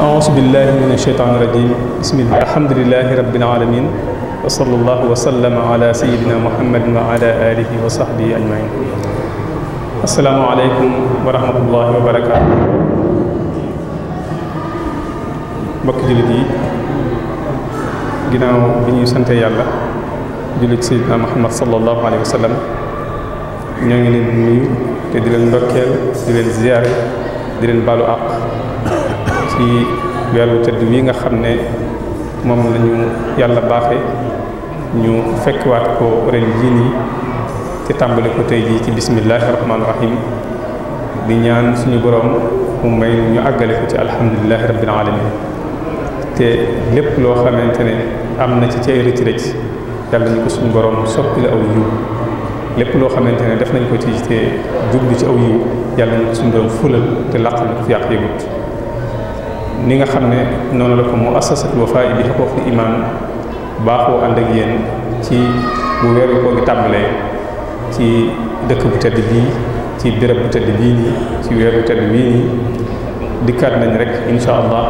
أعوذ بالله من الشيطان الرجيم بسم الله الحمد لله رب العالمين وصلى الله وسلم على سيدنا محمد وعلى آله وصحبه أجمعين السلام عليكم ورحمة الله وبركاته بك جلدي جنا بني سنت يلا جلد سيدنا محمد صلى الله عليه وسلم نعلم نيو تدل نبكر تدل زيارة تدل بالو أق ci weeru tëdd wi nga xam ne moom la yàlla baaxe ñu fekkwaat ko ren jii nii te tàmbali ko tey jii ci bismillahi rahmaani rahim bi ñaan suñu borom mu may ñu àggale ko ci alhamdulilahi rabbil alamin te lépp loo xamante ne am na ci ci ay rëcc rëcc yàlla ñu ko suñu borom soppi la aw yiw lépp loo xamante ne def nañ ko ci te jublu ci aw yiw yàlla ñu ko suñu borom te làqal ñu ko fi yàq yëgut ni nga xamne ne la ko mu asasatul wafaay bi xuququl iman baxu and ak yeen ci bu wéru ko gi tambalé ci dekk bu tedd bi ci béréb bu tedd bi ni ci wéru bu tedd bii nii dikkaat nañ rek insha allah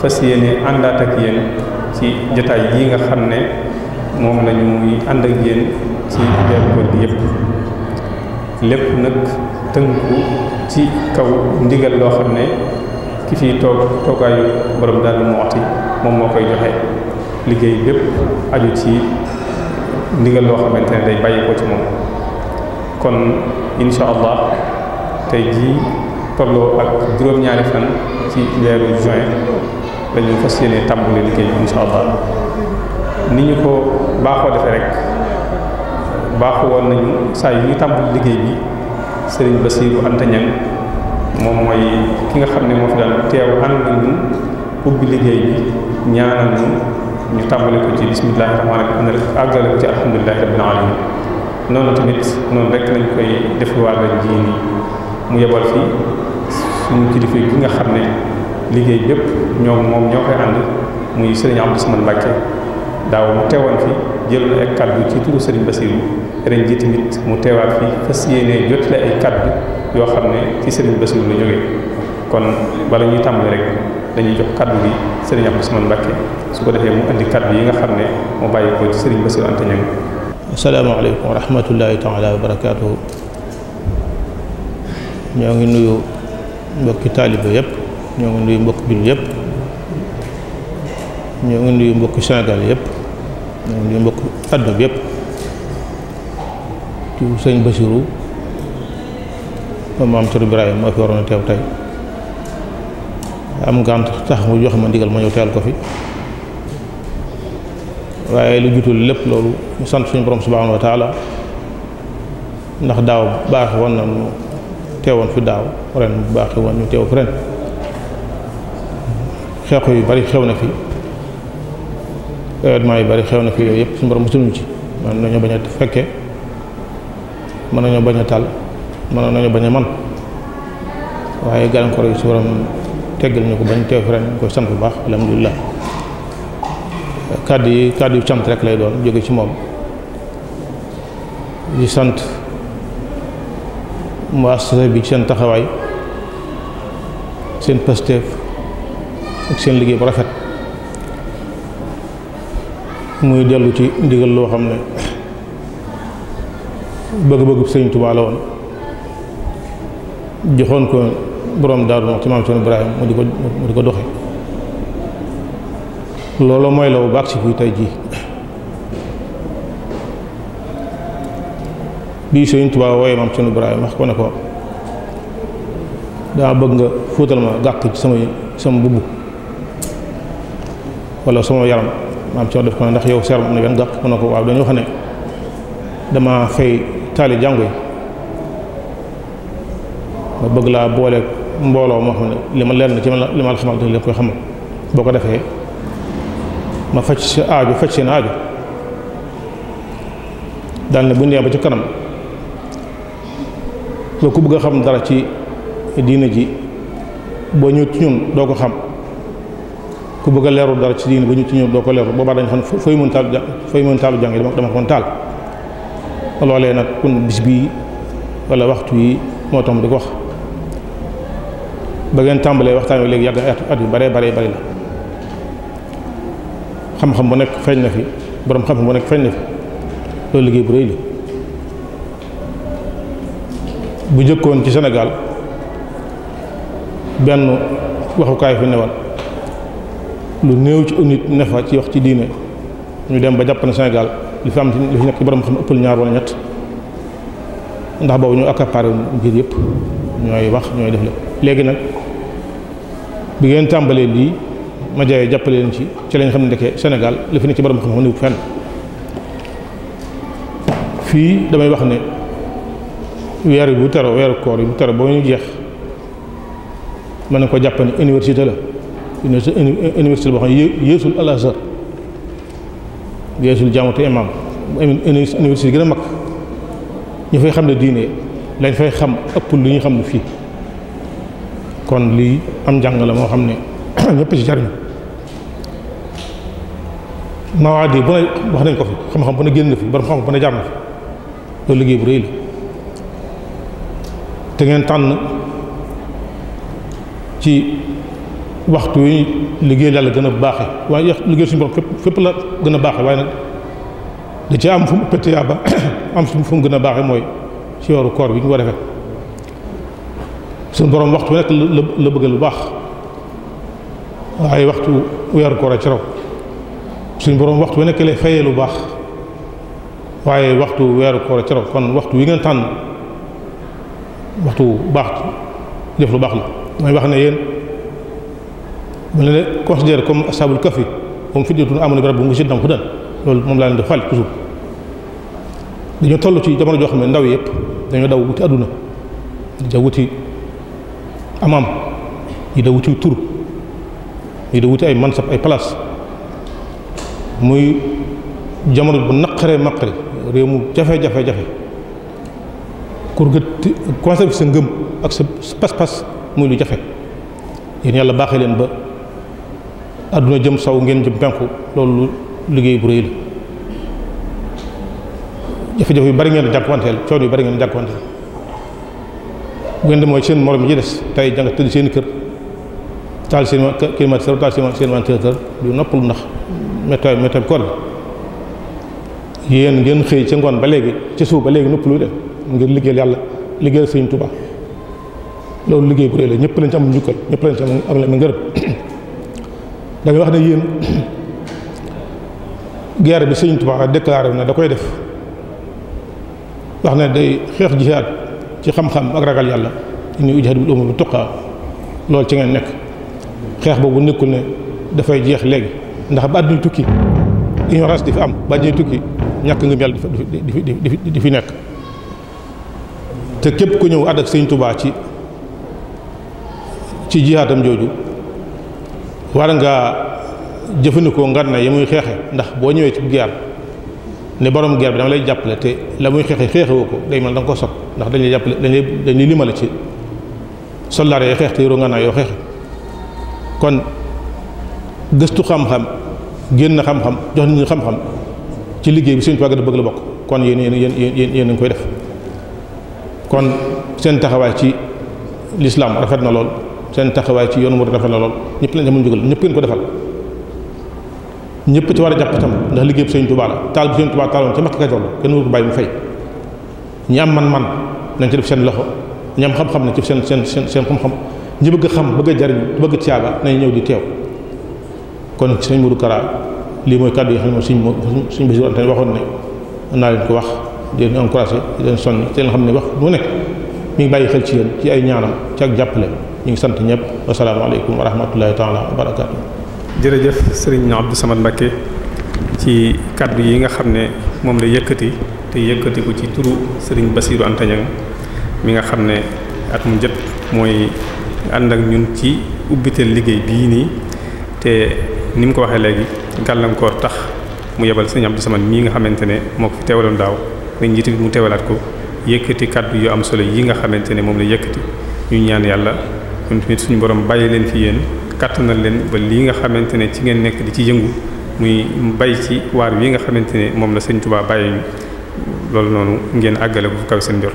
fas yéene ak yeen ci jotaay yi nga xamne mom moom muy and ak yeen ci weeru ko di yépp lepp nak tënku ci kaw ndigal lo xamne ki fii toog toogaayu borom daal mu waxti moom moo koy joxe liggéey bépp aju ci ndigal loo xamante ne day bàyyi ko ci moom kon insha allah tey jii tolloo ak juróom-ñaari fan ci weeru juin dañu fas yéene tàmbali liggéey bi insha allah ni ñu ko baaxoo defee rek baaxu woon nañu saa yu ñu tàmbali liggéey bi sëriñ Basiiru Anta Ñaŋ moom mooy ki nga xam ne moo fi daan teew ànd na ubbi liggéey bi ñaanal ñu ñu tàmbale ko ci bismillahi rahmaani rahim àggale ko ci alhamdulilahi rabbil alamin noonu tamit noonu rek lañ koy def wàlla jii nii mu yebal fi suñu kilifa gi nga xam ne liggéey bépp ñoo moom ñoo koy ànd muy sëriñ Abdou sama Mbacke daaw mu teewoon fi jël ay kaddu ci turu sëriñ Basiru ren ji tamit mu teewaat fi fas yéenee jotale ay kaddu yo xamne ci serigne Bassirou la joge kon bala ñuy tambal rek dañuy jox kaddu bi serigne Abdou Samane mbacke su ko defé mu andi kaddu yi nga xamne mo baye ko ci serigne Bassirou Anta assalamu alaykum wa rahmatullahi taala wa barakatuh ñoo ngi nuyu mbokk talibé yépp ñoo ngi nuyu mbokk jullit yépp ñoo ngi nuyu mbokk Sénégal yépp ñoo ngi nuyu mbokki àdduna ci serigne Bassirou maam Thierno Ibrahima moo fi waroon a teew tey am gànt tax mu jox ma ndigal ma ñëw teel ko fi waaye lu jutul lépp loolu mu sant suñu borom subhaanahu wa taala ndax daaw baax woon na mu fi daaw ren woon ñu teew fi ren xeexu yu bari xew na fi événement yu bari xew na fi yooyu yëpp suñu borom mosuñu ci man nañoo bañ a fekkee mën nañoo bañ a tal mënoon nañu bañ man waaye gàllankoor ko rek suuram teggal ñu ko bañ teew ren ko sant bu baax alhamdulilah kaddu yi yu sant rek lay doon jóge ci moom di sant muassasa bi ci seen taxawaay seen pasteef ak seen liggéey bu rafet muy dellu ci ndigal loo xam ne bëgg-bëggu Sëriñ Tuubaa la woon joxoon ko borom daaru moom ci maam Cerno Ibrahima mu di ko mu di ko doxe loolu mooy la bu baax si fii tey jii bii Sëriñ Tuubaa wooye maam Cerno Ibrahima wax ko ne ko daa bëgg nga fóotal ma gàkk ci sama sama mbubb wala sama yaram maam Cerno def ko ne ndax yow seeram am na benn gàkk mu ne ko waaw dañoo xam ne dama fay taali jàngo yi ma bëgg laa boole mbooloo moo xam ne li ma leer na ci li ma la xamal koy xamal boo ko defee ma faj si aaju faj seen aaju daal ne bu ñu ba ci kanam loolu ku bëgg a xam dara ci diina ji boo ñëw ci doo ko xam ku bëgg a dara ci diina ba ñëw ci ñun doo ko leeru boobaa dañ xam ne fooy mën taal fooy mën taalu jàng dama ko mën taal loolee nag kun bis bii wala waxtu yi moo tax mu di ko wax ba ngeen tàmbalee waxtaan wi léegi yàgg at yu bare bare bari la xam-xam bu nekk feeñ na fi boroom xam-xam bu nekk feeñ na fi loolu liggéey bu rëy la bu jëkkoon ci senegal benn waxukaay fi newal lu néew ci nit ne fa ci wax ci diine ñu dem ba jàpp na Sénégal li fi am li fi nekk boroom xam ëppul ñaar wala ñett ndax boobu ñu accaparé mbir yëpp ñooy wax ñooy def lépp léegi nag bi ngeen tàmbalee lii ma jaayee jàppale leen ci ci lañ xam ne ndeke Sénégal li fi ne ci borom xam-xam damay wax ne weer bu tero weer koor yi bu tero ba ñu jeex mën na ko jàpp ne université la université boo xam ne yéesul al Azhar yéesul jaamatu imam université gën a mag ñu fay xam ne diine lañ fay xam ëpp lu ñuy xam lu fii kon lii am njàng la moo xam ne ñëpp ci jariñu mawaad yi bu ne wax nañ ko fi xam-xam bu ne génn fi borom xam-xam bu ne jaar na fi loolu liggéey bu réy la te ngeen tànn ci waxtu yi liggéey yàlla gën a baaxe waaye liggéey suñu borom fépp la gën a baaxe waaye nag da ci am fu mu ëppee tiyaaba am fu mu gën a baaxe mooy ci yooru koor bi ñu ko defee suñu borom waxtu nekk la bëgg lu baax waaye waxtu weeru koor a ci raw suñu borom waxtu nekk lay fayee lu baax waaye waxtu weeru koor a ci raw kon waxtu wi ngeen tànn waxtu baax jëf lu baax la mooy wax ne yéen mu leen considéré comme asabul kafi moom fidyatun aamanu bi rabbihim wa zidnahum hudan loolu moom laa leen di xaalis toujours dañoo toll ci jamono joo xam ne ndaw yëpp dañoo daw wuti àdduna dañoo wuti amam ida wuti tur ida wuti ay mansab ay place muy jamono bu nakare maqari réew mu jafe jafe jafe pour nga conserver ngëm ak sa pas-pas muy lu jafe yeen yalla baxé len ba aduna jëm saw ngeen jëm penku lolou liggéey bu reuy la jafe-jafe bari ngeen jakkontel coono yu bari ngeen jakkontel bu ngeen mooy seen morom yi ci des tey jàng tëdd seen kër taal seen climatiseur taal seen ventilateur du noppalu ndax météo météo koor bi yéen ngeen xëy ca ngoon ba léegi ci suuf ba léegi noppalu de ngir liggéeyal yàlla liggéeyal Sëriñ Tuubaa loolu liggéey bu ñëpp lañ ci am ñëpp lañ ci am la ma ngërëm wax ne yéen guerre bi Sëriñ Tuubaa déclaré na da koy def wax ne day xeex jihaad ci xam-xam ak ragal yàlla inni ujhadu bil umur bi tuqaa loolu ci ngeen nekk xeex boobu nekkul ne dafay jeex léegi ndax ba àdduna tukki ignorance di fi am ba àdduna tukki ñàkk ngëm yàlla di fi di fi nekk te képp ku ñëw àdd ak sëñ Tuubaa ci ci jihaatam jooju war ngaa jëfandikoo ngar na yi muy xeexe ndax boo ñëwee ci bu giyaar ne borom guerre bi dama lay jappale te la muy xexi xeexewoo ko day mel dang ko sob ndax dañ lay jappale dañ lay dañ lay limale ci soldaar yi xeex te yoro nga na yo xex kon gëstu xam-xam genn xam-xam jox ni xam-xam ci liggéey bi seen tubaab da bëgg la bokk kon yeen yeen yeen yeen yéen ngi koy def kon seen taxaway ci l'islam rafet na lool seen taxaway ci yoonu mu rafet na lool ñepp lañ amuñ jugal ñepp ngeen ko defal ñëpp ci war a jàpp itam ndax liggéey bu sëñ Tuubaa la taal bu sëñ Tuubaa taaloon ca Makka Kajoor la kenn waru ko bàyyi mu fay ñi am man-man nañ ci def seen loxo ñi am xam-xam na ci seen seen seen seen xam-xam ñi bëgg xam bëgg a jariñu bëgg tiyaaba nañ ñëw di teew kon sëñ Modou Kara lii mooy kàddu yi xam ne suñ mo suñ Basiru Anta waxoon ne naa leen ko wax di leen encouragé di leen soññ te xam ne wax bu nekk mi ngi bàyyi xel ci yéen ci ay ñaanam ci ak jàppale ñu ngi sant ñëpp wasalaamaaleykum wa rahmatullahi taala wa barakatuh jërëjëf sëriñ Abdou saman Mbacké ci kaddu yi nga xam ne moom la yëkkati te yëkkati ko ci turu sëriñ Bassirou Anta mi nga xam ne at mu jot mooy ànd ak ñun ci ubbiteel liggéey bii nii te ni mu ko waxee léegi gàllankoor tax mu yebal sëriñ Abdou saman mii nga xamante ne moo ko fi teewaloon daaw ren jiitu mu teewalaat ko yëkkati kaddu yu am solo yi nga xamante ne moom la yëkkati ñu ñaan yàlla ñun tamit suñu borom bàyyi leen fi yéen. kattanal leen ba lii nga xamante ne ci ngeen nekk di ci yëngu muy bay ci waar wi nga xamante ne moom la sëñ Tuubaa bàyyi loolu noonu ngeen àggale ko fu kaw seen jort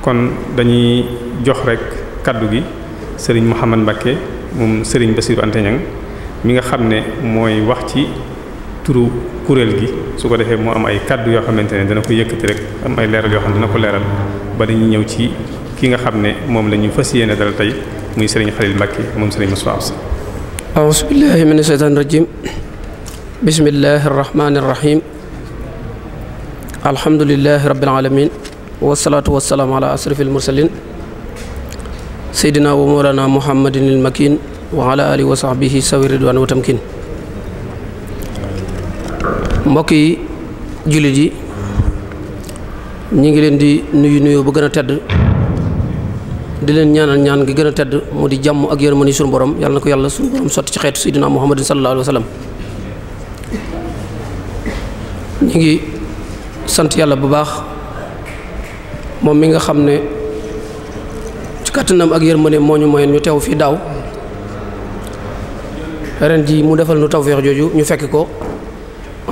kon dañuy jox rek kàddu gi sëriñ Mouhamad Mbacké moom sëriñ Bassirou Anta mi nga xam ne mooy wax ci turu kuréel gi su ko defee moo am ay kàddu yoo xamante ne dana ko yëkkati rek am ay leeral yoo xam ne dana ko leeral ba dañuy ñëw ci ki nga xam ne moom la ñu fas yéene dal tey muy sëriñ Xalil Mbàkke moom sëriñ Moussa Absa aousu billahi min asheytaan rajim bismillahi arrahmani arrahim alhamdulilahi rabbil alamin wasalaatu wasalaamu ala asrafi almursalin seydina wa moolana muhammadin almakin wa ala alihi wa sahbihi sawi ridwan wa tamkin mbokk yi jullit yi ñu ngi leen di nuyu nuyu bu gën a tedd di len ñaanal ñaan gi gëna tedd mu di jamm ak yërmande suñu borom yalla nako yalla yàlla suñu borom sotti ci xéetu sayyidina muhammad sallallahu alaihi wasallam ñi ngi sant yalla bu baax mom mi nga xamne ci kàttanam ak yërmande moñu ñu ñu tew fi daw ren ji mu defal nu tawfiq joju ñu fekk ko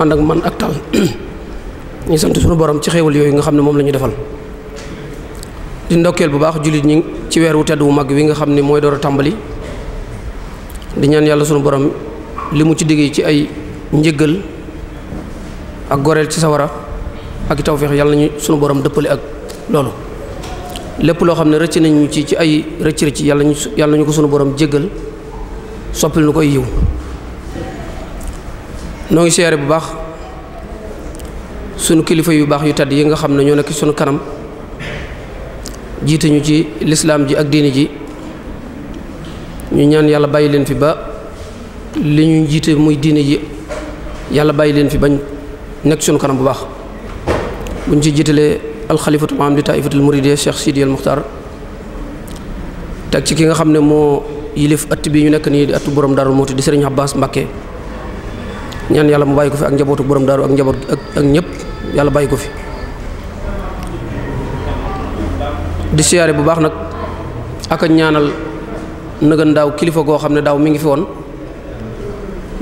and ak man ak tal ñi sant suñu borom ci xéewal yoy nga xamne mom lañu defal di ndokkeel bu baax jullit ñi ci weer wu tedd wu mag wi nga xam ni mooy door a tàmbali di ñaan yàlla sunu borom li mu ci digg ci ay njëggal ak goreel ci sa wara ak tawféex yàlla nañu sunu borom dëppale ak loolu lépp loo xam ne rëcc nañu ci ci ay rëcc rëcc yàlla ñu ko sunu boroom jéggal soppil nu koy yiw noo ngi seere bu baax sunu kilifa yu baax yu tedd yi nga xam ne ñoo nekk sunu kanam jiituñu ci l'islam ji ak diini ji ñu ñaan yàlla bàyyi leen fi ba li ñu jiite muy diini ji yàlla bàyyi leen fi bañ nekk suñu kanam bu baax buñ ci jiitalee maam di taifatul muridiya cheikh sidi al muxtar tak ci ki nga xam ne moo yilif ëtt bi ñu nekk nii di ëtt borom daru muuti di sëriñ abbas mbàkke ñaan yàlla mu bàyyi ko fi ak njabootu borom daru ak njaboot ak ñëpp yàlla bàyyi ko fi di siaré bu baax nak ak ñaanal nëgën daaw kilifa go xamné daw mi ngi fi won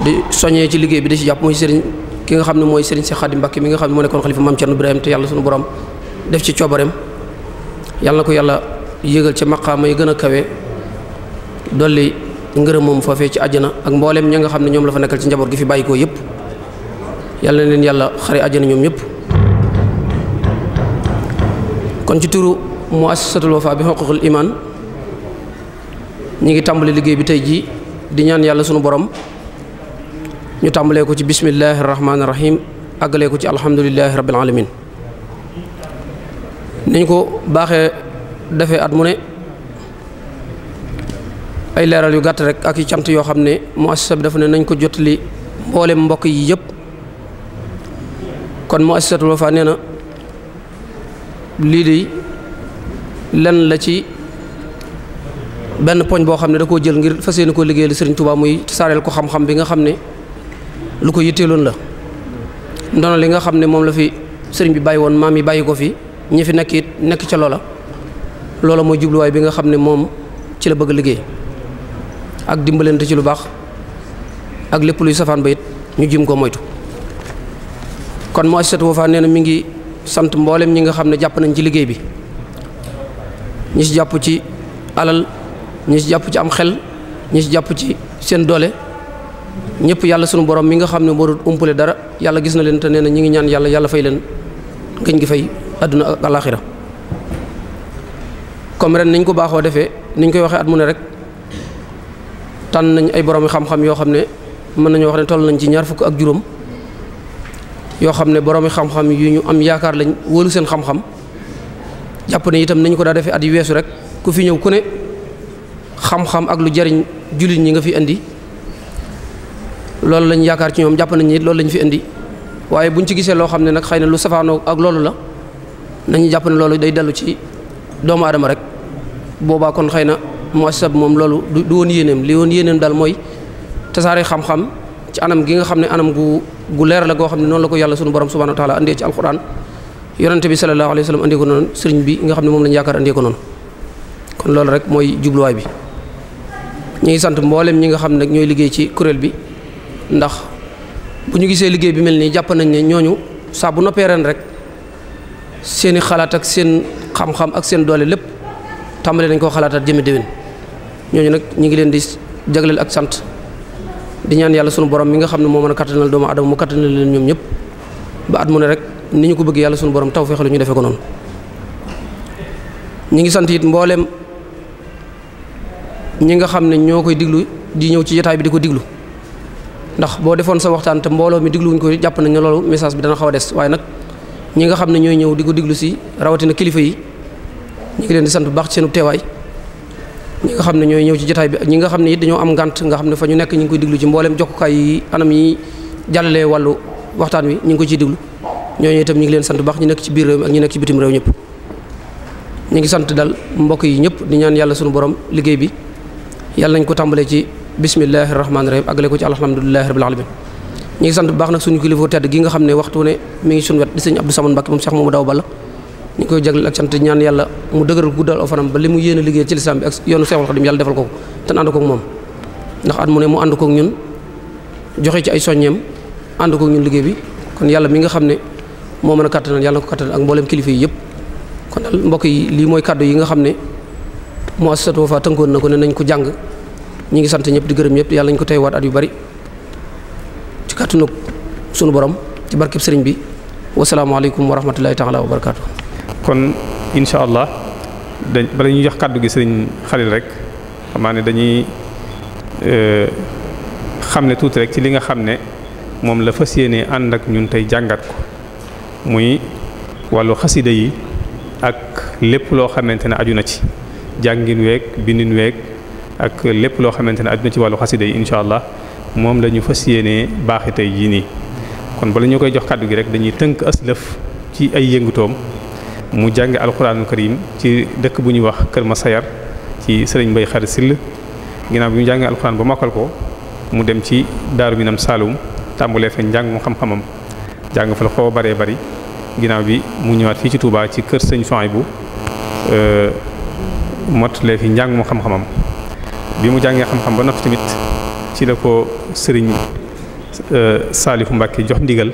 di soñé ci liggéey bi di ci japp moy sëriñ ki nga xamné moy sëriñ cheikh khadim bakki mi nga xamné mo nekkon khalifa mam ibrahim te yalla sunu borom def ci coobareem yalla nako yalla yëgal ci maqama yi gëna kawé kawe dolli mom fofé ci aljana ak mbooleem ña nga xam la fa nekkal ci njaboot gi fi bayiko ko yalla neen yalla xari aljana ñom kon ci turu mu assisatul wafa bi xoququl iman ñi ngi tàmbali liggéey bi tey jii di ñaan yàlla sunu borom ñu tàmbalee ko ci bismillahi rahmaani rahim àggalee ko ci alhamdulillahi rabbil alamin niñ ko baaxee defe at mu ne ay leeral yu gàtt rek ak yi cant yoo xam ne muassisa bi dafa ne nañ ko jotali mboolem mbokk yi yépp kon muassisatul wafa nee na lii de lenn la ci benn poñ boo xam ne da koo jël ngir fa yéene koo liggéeyal Sëriñ Tuubaa muy saareel ko xam-xam bi nga xam ne lu ko yitteeloon la ndono li nga xam ne moom la fi sëriñ bi bàyyi woon maam yi bàyyi ko fi ñi fi nekk it nekk ca loola loola mooy jubluwaay bi nga xam ne moom ci la bëgg liggéey ak dimbalante ci lu baax ak lépp luy safaan ba it ñu jim ko moytu kon moo assatu Wafa nee na mi ngi sant mboolem ñi nga xam ne jàpp nañ ci liggéey bi ñi si jàpp ci alal ñi ci jàpp ci am xel ñi si jàpp ci seen doole ñëpp yàlla sunu borom mi nga xam ne moo doon dara yàlla gis na leen te nee na ngi ñaan yàlla yàlla fay gi fay àdduna ak comme ren niñ ko baaxoo defee niñ koy waxee at mu ne rek tànn nañ ay borom xam-xam yoo xam ne mën nañoo wax ne toll nañ ci ñaar fukk ak juróom yoo xam ne borom xam-xam yi ñu am yaakaar lañ wóolu seen xam-xam. jàpp ne itam nañu ko daa defee at yu weesu rek ku fi ñëw ku ne xam-xam ak lu jariñ jullit ñi nga fi indi loolu lañ yaakaar ci ñoom jàpp nañ ni loolu lañ fi indi waaye buñ ci gisee loo xam ne nag xay na lu safaanoo ak loolu la nañu jàpp ne loolu day dellu ci doomu adama rek boobaa kon xay na muassasa bi moom loolu du woon yéeneem li woon yéeneem daal mooy tasaare xam-xam ci anam gi nga xam ne anam gu gu leer la goo xam ne noonu la ko yàlla sunu borom subhanahu wa taala andee ci alquran yonente bi sallallahu alayhi wa sallam andee ko noonu sëriñ bi nga xam ne moom lañu yaakaar andee ko noonu kon loolu rek mooy jubluwaay bi ñu ngi sant mbooleem ñi nga xam ne ñooy liggéey ci kuréel bi ndax bu ñu gisee liggéey bi mel nii jàpp nañ ne ñooñu saa bu noppee ren rek seeni xalaat ak seen xam-xam ak seen doole lépp tàmbale nañ koo xalaataat jëmi déwén ñooñu nag ñu ngi leen di jagleel ak sant di ñaan yàlla sunu borom mi nga xam ne moo mën a kattanal doomu adama mu kattanal leen ñoom ñëpp ba at mu ne rek ni ñu ko bëgg yàlla suñu borom taw tawfeex la ñu defee ko noonu ñi ngi sant it mbooleem ñu nga xam ne ñoo koy diglu di ñëw ci jotaay bi di ko diglu ndax boo defoon sa waxtaan te mbooloo mi digluwuñ ko jàpp nañ ne loolu message bi dana xaw a des waaye nag ñi nga xam ne ñooy ñëw di ko diglu si rawatina kilifa yi ñu ngi leen di sant bu baax ci seen teewaay ñi nga xam ne ñooy ñëw ci jataay bi ñi nga xam ne it dañoo am ngànt nga xam ne fa ñu nekk ñu ngi koy diglu ci mboolem jokkukaay yi anam yi jàllalee wàllu waxtaan wi ñu ngi ko ciy diglu ñoo ñooñu tam ñi ngi leen sant baax ñi nekk ci biir réew ak ñi nekk ci bitim réew ñëpp ñi ngi sant dal mbokk yi ñëpp di ñaan yàlla suñu borom liggéey bi yàlla nañ ko tàmbalee ci bismillahi rahmaani rahim àggale ko ci alhamdulilahi rabil alamin ñi ngi sant bu baax nag suñu kilifa tedd gi nga xam ne waxtu ne mi ngi suñu wet di sëñ Abdou Samane Mbacke moom Cheikh Mamadou daw Balla ñi koy jagleel ak sant ñaan yàlla mu dëgëral guddal ofanam ba li mu yéene liggéey ci lislam bi ak yoonu Seexul Xadim yàlla defal ko te ànd koog moom ndax at mu ne mu ànd koog ñun joxe ci ay soññeem ànd koog ñun liggéey bi kon yàlla mi nga xam ne mo meuna a yalla ko kattanal ak mbollem kilifa yi kon dal mbok yi li moy kàddu yi nga xamne mo mu asatu fa tënkoon na ko ne nañ ko jang ñi ngi sant ñep di gërëm ñep yalla ñu ko tay waat at yu bari ci kàttanu sunu borom ci barkeb serigne bi alaykum wa rahmatullahi taala wa barakatuh kon inshallah allah dañ ba lañu jox kàddu gi serigne khalil rek xamaa ne dañuy euh, xam ne tuuti rek ci li nga xamne mom la fassiyene yéene ak ñun tay jangat ko. muy wàllu xasida yi ak lépp loo xamante ne aju ci jàngin week bindin weeg ak lépp loo xamante ne aju na ci wàllu xasida yi incha allah moom lañu ñu fas yéenee baaxi tey jii nii. kon bala ñu koy jox kàddu gi rek dañuy tënk aslëf ci ay yëngutoom mu jànge alxuraanul karim ci dëkk bu ñuy wax Kër Masayar ci sëriñ Mbay Xarit Sill ginnaaw bi mu jàngee alxuraan ba mokkal ko mu dem ci daaru minam Saloum tàmbulee fa njàng mu xam-xamam. jàng fa la xaw a bëree ginnaaw bi mu ñëwaat fii ci Touba ci kër sëñ bu euh, mottalee fi njàng mu xam-xamam bi mu jàngee xam-xam ba noppi tamit ci la ko sëriñ euh, Saalifu Mbàkke jox ndigal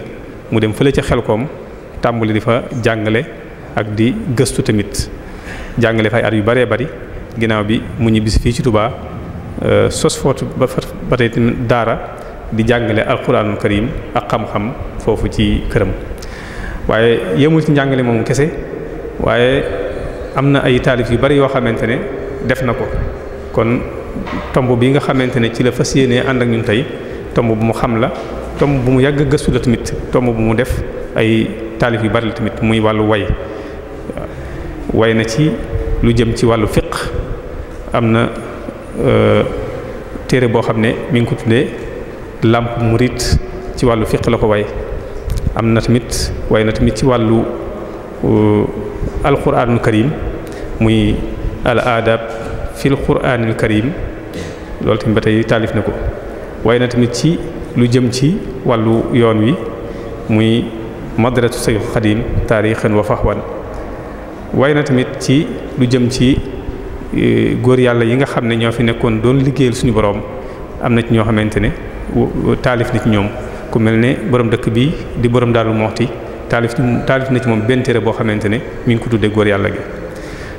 mu dem fële ca Xelkom tàmbali di fa jàngale ak di gëstu tamit jàngale fay at yu bëree bari ginnaaw bi mu ñibbisi fii ci Touba euh, sos footu ba fa ba daara. di jàngale alquranul karim ak xam-xam foofu ci këram waaye yemul ci njàngale moomu kese waaye am na ay taalif yu bari yoo xamante ne def na ko kon tomb bi nga xamante ne ci la fas yéenee ànd ak ñun tey tomb bu mu xam la tomb bu mu yàgg gëstu la tamit tomb bu mu def ay taalif yu bari la tamit muy wàllu way way na ci lu jëm ci wàllu fiq am na euh, téere boo xam ne mi ngi ko tuddee làmp murit ci walu fiqh lako ko way am tamit way na tamit ci walu alquranul karim muy al adab fil quranil karim loolu tamit ba tey taalif na way na tamit ci lu jëm ci walu yoon wi muy madratu sayyid khadim tarikhan wa fahwan way na tamit ci lu jëm ci góor yàlla yi nga xamne ño fi nekkon doon liggeel suñu borom amna ci ño xamantene taalif na ci ñoom ku mel ne borom dëkk bi di borom Daaru Muxti taalif taalif na ci moom benn téere boo xamante ne mi ngi ko tuddee góor yàlla gi.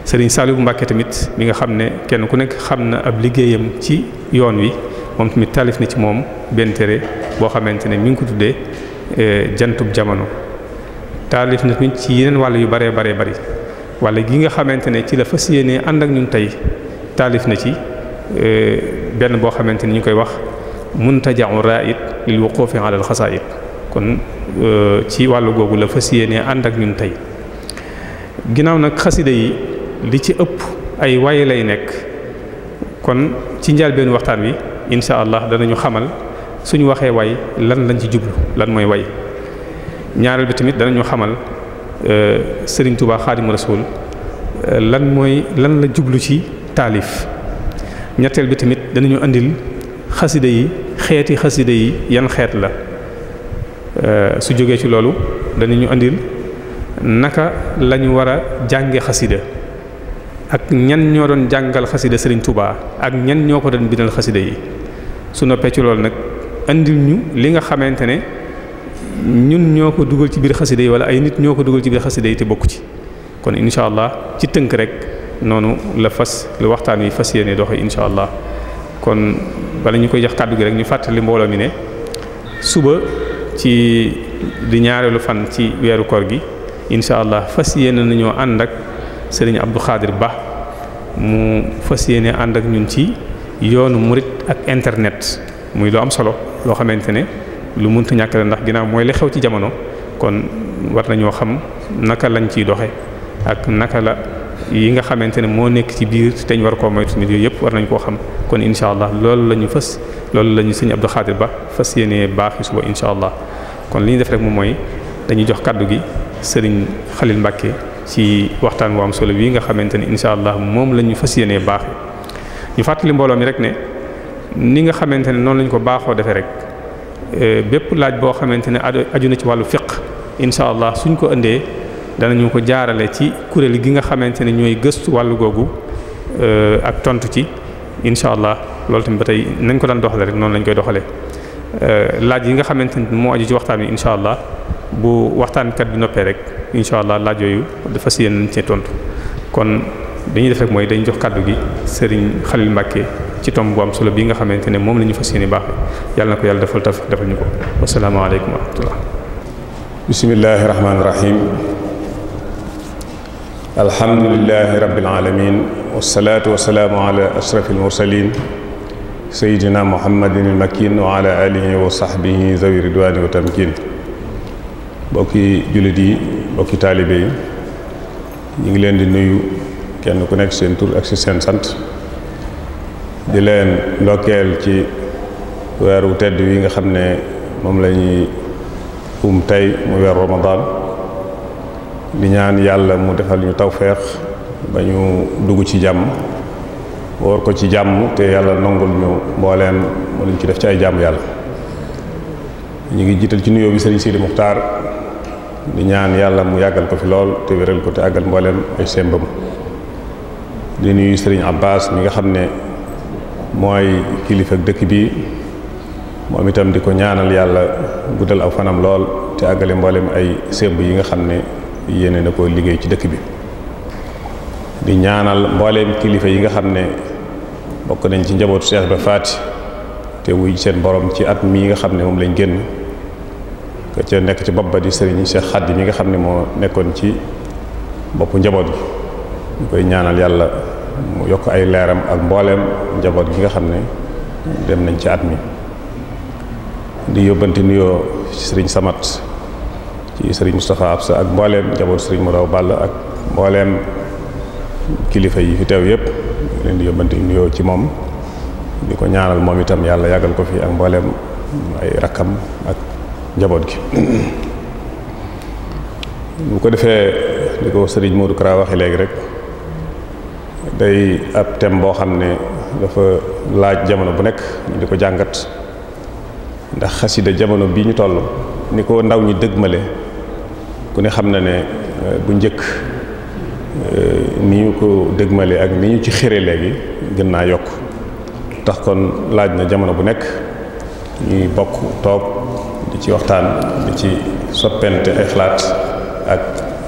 Serigne Saliou Mbacke tamit mi nga xam ne kenn ku nekk xam na ab liggéeyam ci yoon wi moom tamit taalif na ci moom benn téere boo xamante ne mi ngi ko tuddee eh, jantub jamono taalif na ci yeneen wàll yu baree baree bari wala gi nga xamante ne ci la fas ànd ak tey taalif na ci eh, benn boo xamante ni ñu koy wax. muntaja'u ra'id lil wuqufi 'ala al xasaa'id kon euh, ci wàllu googu la fas yéenee ànd ak ñun tey ginnaaw nag xasida yi li ci ëpp ay way lay nekk kon ci njëlbéenu waxtaan wi incha allah danañu xamal suñu waxee way lan lañ ci jublu lan mooy way ñaareel bi tamit danañu xamal euh, Serigne Touba Xaadimu Rasuul euh, lan mooy lan la jublu ci taalif ñetteel bi tamit danañu andil xasida yi xeeti xasida yi yan xeet la euh, su jógee ci loolu ñu indil naka lañu war a jànge xasida ak ñan ñoo doon jàngal xasida Serigne Touba ak ñan ñoo ko doon bindal xasida yi su noppee ci loolu nag andil ñu li nga xamante ne ñun ñoo ko dugal ci biir xasida yi wala ay nit ñoo ko dugal ci biir xasida yi te bokku ci kon incha allah ci tënk rek noonu la fas lu waxtaan wi fas yéene doxe incha allah kon bala ñu koy jox kàddu gi rek ñu fàttali mbooloo mi ne suba ci di ñaareelu fan ci weeru kor gi incha allah fas yéene nañoo ànd ak sëriñ Abdou Khadir Ba mu fas yéene ànd ak ñun ci yoonu murit ak internet muy lu am solo loo xamante ne lu muntu ñàkk ndax ginaaw mooy li xew ci jamono kon war nañoo xam naka lañ ciy doxe ak naka la. yi nga xamante ne moo nekk ci biir te war koo moytu tamit yooyu yëpp war nañ koo xam kon incha allah loolu la ñu fës loolu lañu ñu sëñ Abdou Khadir Ba fas yéenee baax yi suba incha allah kon li ñu def rek moom mooy dañuy jox kàddu gi sëriñ Khalil Mbacke ci waxtaan wu am solo bii nga xamante ne incha allah moom la ñu fas yéenee baax ñu fàttali mbooloo mi rek ne ni nga xamante ne noonu lañ ko baaxoo defee rek eh, bépp laaj boo xamante ne aju na ci wàllu fiq incha allah suñ ko indee danañu ko jaarale ci kuréel gi nga xamante ne ñooy gëstu wàllu googu euh, ak tontu ci incha allah loolu tamit ba tey nañ ko daan doxale rek noonu lañ koy doxalee. Euh, laaj yi nga xamante ni moo aju ci waxtaan wi incha allah bu waxtaankat bi noppee rek incha allah laaj yooyu dafa yéen ci tontu kon dañuy def mooy dañu jox kàddu gi Serigne Khalil Mbacke ci tomb bu am solo bii nga xamante ne moom la ñu fas yéene baax yàlla ko yàlla defal taf defal ñu ko wasalaamaaleykum wa rahmatullah bismillahi rahmaani rahim alhamdulilahi rabbil alamin wasalaatu wasalaamu ala ashraf almursalin sayidina muhammadin almakin wa ala alihi wa sahbihi zawi ridwani wa tamkin bokki jullit yi bokki taalibe yi ñu ngi leen di nuyu kenn ku nekk seen tur ak si seen sant di leen ndokkeel ci weeru tedd wi nga xam ne moom la ñuy um tey mu weer ramadan di ñaan yàlla mu defal ñu tawfeex ba ñu dugg ci jàmm woor ko ci jàmm te yàlla nangul ñu mbooleen mënuñ ci def ci ay jàmm yàlla ñu ngi jiital ci nuyoo bi sëriñ Sidi Mukhtar di ñaan yàlla mu yàggal ko fi lool te wéral ko te àggal mbooleem ay sembam di nuyu sëriñ Abbas mi nga xam ne mooy kilifa dëkk bi moom itam di ko ñaanal yàlla guddal aw lool te àggale mbooleem ay semb yi nga xam ne yéene na koo liggéey ci dëkk bi di ñaanal mbooleem kilifa yi nga xam ne bokk nañ ci njabootu Cheikh ba Faty te wuy seen boroom ci at mii nga xam ne moom lañ génn ka nekk ci bopp ba di sëriñ Cheikh Khady mi nga xam ne moo nekkoon ci boppu njaboot gi ñu koy ñaanal yàlla mu yokk ay leeram ak mbooleem njaboot gi nga xam ne dem nañ ci at mi di yóbbante nuyoo sëriñ Samat ci sëriñ Moustapha Absa ak mbooleem njaboot sëriñ Modaw Ball ak mbooleem kilifa yi fi teew yépp leen di yóbbante nuyoo ci moom di ko ñaanal moom itam yàlla yàggal ko fii ak mbooleem ay rakkam ak njaboot gi bu ko defee di ko sëriñ Modou Kara waxee léegi rek day ab thème boo xam ne dafa laaj jamono bu nekk ñu di ko jàngat ndax xasida jamono bii ñu toll ni ko ndaw ñi dëgmale ku ne xam na ne bu njëkk ni ñu ko dëgmale ak ni ñu ci xëre léegi gën naa yokk tax kon laaj na jamono bu nekk ñuy bokk toog di ci waxtaan di ci soppente ay xalaat ak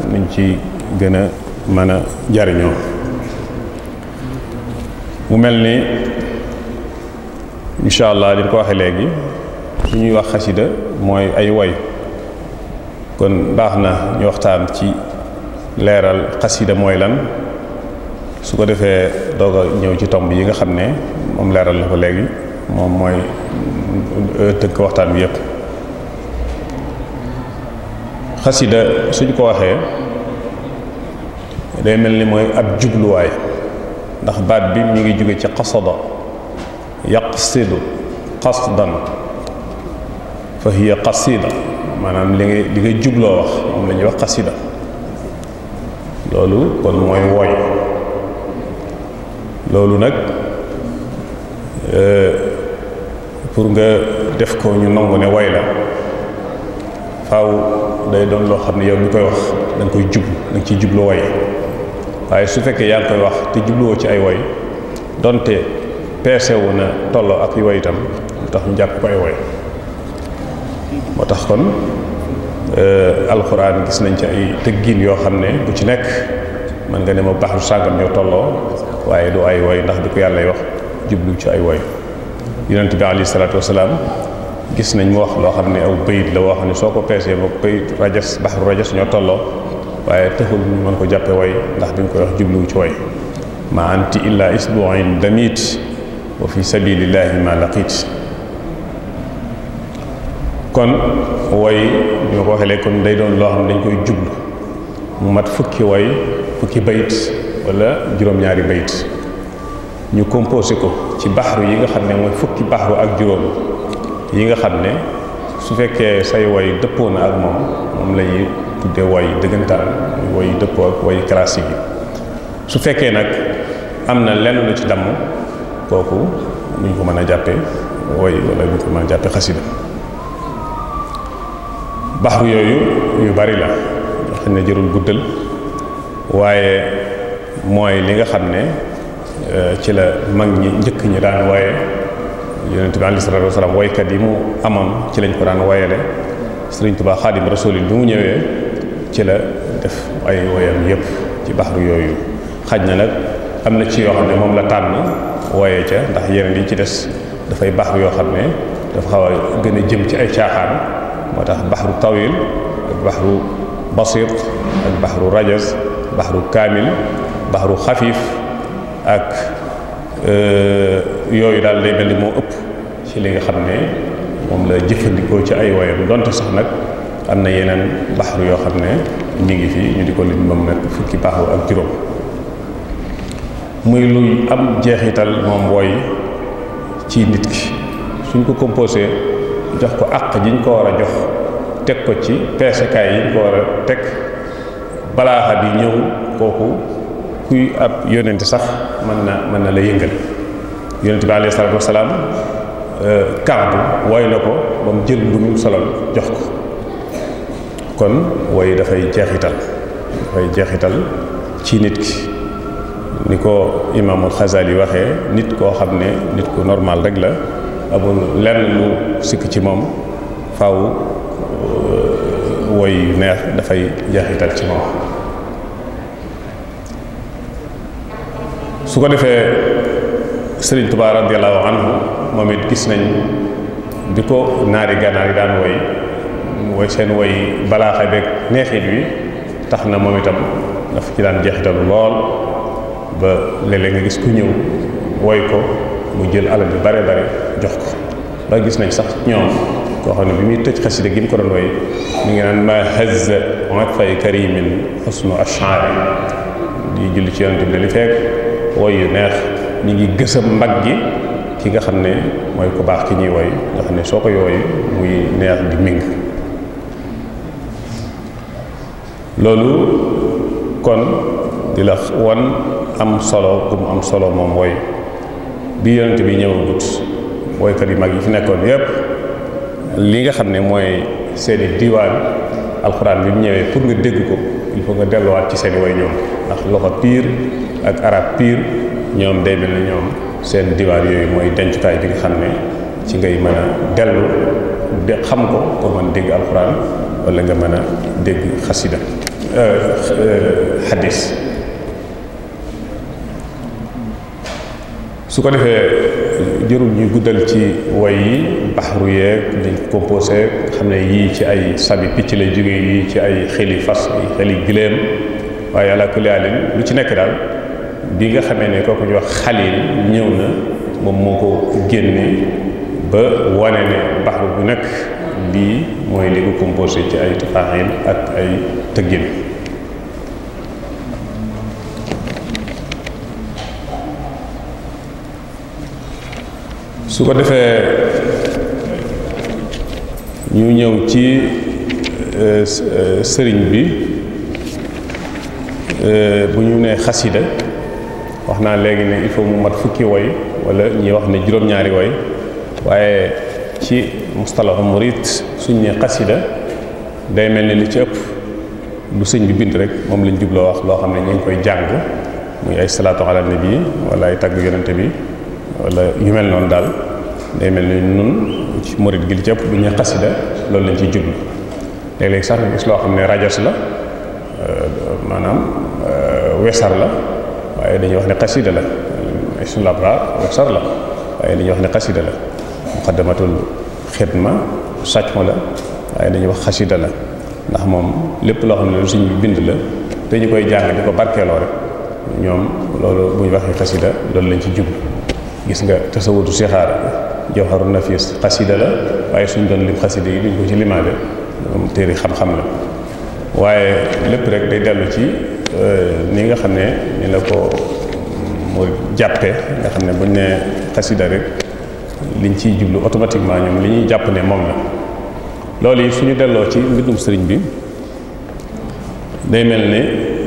nuñ ci gën a mën a jariñoo mu mel ni incha allah li ko waxee léegi su ñuy wax xasida mooy ay way kon baax na ñu waxtaan ci leeral xasida mooy lan su ko defee doog a ñëw ci tomb yi nga xam ne moom leeral la ko léegi moom mooy tënk waxtaan bi yépp xasida suñ ko waxee day mel ni mooy ab jubluwaay ndax baat bi mi ngi jóge ci qasada yaqsidu qasdan fa hiya qasida maanaam li nga li ngay jubloo wax moom la ñuy wax xasida loolu kon mooy woy loolu nag euh, pour nga def ko ñu nangu ne woy la faw day doon loo xam ne yow mi koy wax da koy jublu da ciy jublu woy waaye su fekkee yaa ngi koy wax te jubluwoo ci ay woy donte peese wu na tolloo ak woy itam lu tax ñu ko ay woy moo tax kon alquran gis nañ ci ay tëggin yoo xam ne bu ci nekk man nga ne ma baaxul sàngam ñoo tolloo waaye du ay woy ndax bi ko yàlla wax jublu ci ay woy yonent bi alayhi salaatu wasalaam gis nañ mu wax loo xam ne aw bayit la woo xam ne soo ko peesee ba bayit rajas baxru rajas ñoo tolloo waaye taxul ñu mën ko jàppe woy ndax bi nga koy wax jubluwu ci woy ma anti illa isbuin damit wa fi sabilillahi ma laqit kon woy bi ma ko waxee kon day doon loo xam ne dañ koy jublu mu mat fukki woy fukki bayit walla juróom-ñaari bayit ñu composé ko ci baxaru yi nga xam ne mooy fukki baxaru ak juróom yi nga xam ne su fekkee say woy dëppoo na ak moom moom la ñuy tuddee woy dëggantaan woy dëppoo ak woy classique yi su fekkee nag am na lenn lu ci damm kooku ñu ko mën a jàppe woy wala ñu ko mën a jàppe xasida baxru yooyu yu bari la xam ne jërul guddal waaye mooy li nga xam ne euh, ci la mag ñi njëkk ñi daan waaye yonent bi aleyhi salaatu wasalaam yi mu amoon ci lañ ko daan wayale sëriñ Tuubaa xaadim rasuulil bi mu ñëwee ci la def ay woyam yépp ci baxru yooyu xaj na nag am na ci yoo xam ne moom la tànn wooyee ca ndax yeneen yi ci des dafay baxru yoo xam ne dafa xaw a gën a jëm ci ay caaxaan moo tax baxru tawil ak baxru basit ak baxru rajas baxru kaamil baxru xafiif ak yooyu daal day mel ni moo ëpp ci li nga xam ne moom la jëfandikoo ci ay woyam donte sax nag am na yeneen baxru yoo xam ne mi ngi fi ñu di ko lim ba mu nekk fukki baxru ak juróom muy luy am jeexital moom wooy ci nit ki suñ ko composé jox ko àq ji ñu ko war a jox teg ko ci peesekaay yi ñu ko war a teg balaaxa bi ñëw kooku kuy ab yonent sax mën na mën na la yëngal yonent bi alayhi salaatu wasalaam euh, kàmb woy la ko ba mu jël bu mu solal jox ko kon woy dafay jeexital dafay jeexital ci nit ki ni ko imaamul Xasaali waxee nit koo xam ne nit ku normal rek la amul lenn lu sikk ci mom faaw way neex da fay jaxital ci mom su ko defee sëriñ Tuubaa radiyallahu anhu momit gis nañ diko nari ganari dan way way sen way bala woy balaaxa beeg neexit wi tax na moom itam dafa ci daan ba lele nga gis ku ñëw way ko mu jël alal yu bare bare jox ko ba gis nañ sax ñoom koo xam ne bi muy tëj xasida gi mu ko doon woy mu ngi naan ma haz mat fay karimin xusnu ashar di julli ci yonent bi li fekk woy yu neex ñu ngi gësam mbag gi ki nga xam ne mooy ku baax ki ñuy woy nga xam ne soo ko yooyu muy neex di ming loolu kon di la wan am solo gu mu am solo moom woy bi yonent bi ñëwagut mooy kër yi mag yi fi nekkoon yëpp li nga xam ne mooy seen i diwaan alxuraan bi mu ñëwee pour nga dégg ko il faut nga delluwaat ci seeni i way ñoom ndax loxo piir ak arab piir ñoom day mel ne ñoom seen diwaan yooyu mooy dencukaay bi nga xam ne ci ngay mën a dellu xam ko pour mën dégg alxuraan wala nga mën a dégg xasida xadis euh, euh, su ko defee jërul ñuy guddal ci way yi baxaru yeeg liñ composé xam ne yii ci ay sabi picc lay jógee yii ci ay xeli fas ay xeli gileem waaye àla kulli lu ci nekk daal bi nga xamee ne kooku ñu wax xalil ñëw na moom moo ko génne ba wane ne baxaru bu nekk lii mooy li ko ci ay tafaaxil ak ay tëggin su ko defee ñu ñëw ci euh, euh, sëriñ bi euh, bu ñu nee xasida wax naa léegi ne il faut mu mat fukki woy wala ñi wax ne juróom-ñaari woy waaye ci mustalaxu murit suñ ne xasida day mel ni li ci ëpp lu sëñ bi bind rek moom lañ jubloo wax loo xam ne ñu ngi koy jàng muy ay salaatu ala nabi wala ay tagg yonente bi wala yu mel noonu daal day mel ni nun ci murit gi li bu ñu xasida loolu lañ ci jublu léeg-léeg sax nga gis loo xam ne rajas la euh, maanaam euh, wesar la waaye dañuy wax ne xasida la suñu labrar wesar la waaye dañuy wax ne xasida la muqaddamatul xidma sàcmo la waaye dañuy wax xasida la ndax moom lépp loo xam ne lu suñ bind la te ñu koy jàng di ko barkeeloo rek ñoom loolu bu ñu waxee xasida loolu lañ ci jublu gis nga tasawudu sixaar jawharu nafis xasida la waaye suñ doon lim xasida yi duñ ko ci limaale moom téere xam-xam la waaye lépp rek day dellu ci euh, ni nga xam ne ni la ko mu jàppe nga xam ne buñ ne xasida rek liñ ciy jublu automatiquement ñoom li ñuy jàpp ne moom la loolu yi suñu delloo ci mbindum sëriñ bi day mel ni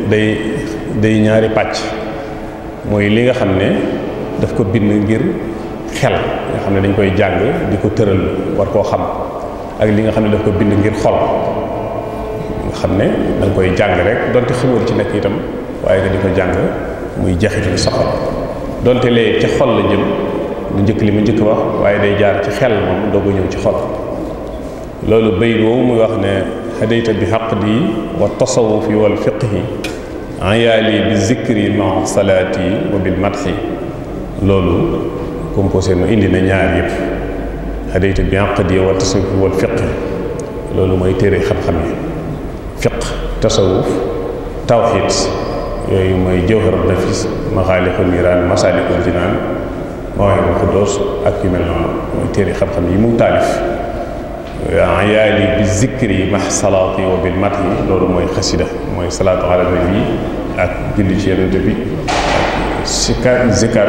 day day ñaari pàcc mooy li nga xam ne daf ko bind ngir xel nga xam ne dañ koy jàng di ko tëral war koo xam ak li nga xam ne daf ko bind ngir xol nga xam ne da koy jàng rek donte xamul ci nekk itam waaye nga di ko jàng muy jaxitu sa xol donte léegi ci xol la jëm lu njëkk li ma njëkk wax waaye day jaar ci xel moom doog a ñëw ci xol loolu bëy boobu muy wax ne hadayta bi xaq di wa tasawufi wal fiqhi ayaali bi zikri ma salaati wa bil madxi lolu composé no indi na ñaar yëpp xadaytu bi àqdi wal tasawuf wal fiqh lolu moy téré xam xam-xam yi fiqh tasawuf tawhid yoy moy jawhar nafis maxaaliqu niiraan jinan moy ko dos ak yu mel non moy téré xam xam-xam yi mu talif ya ayali bi zikri max salaati wa bil mat lolu moy mooy moy salatu ala nabi ak jindi ci yonente debi sikar zikar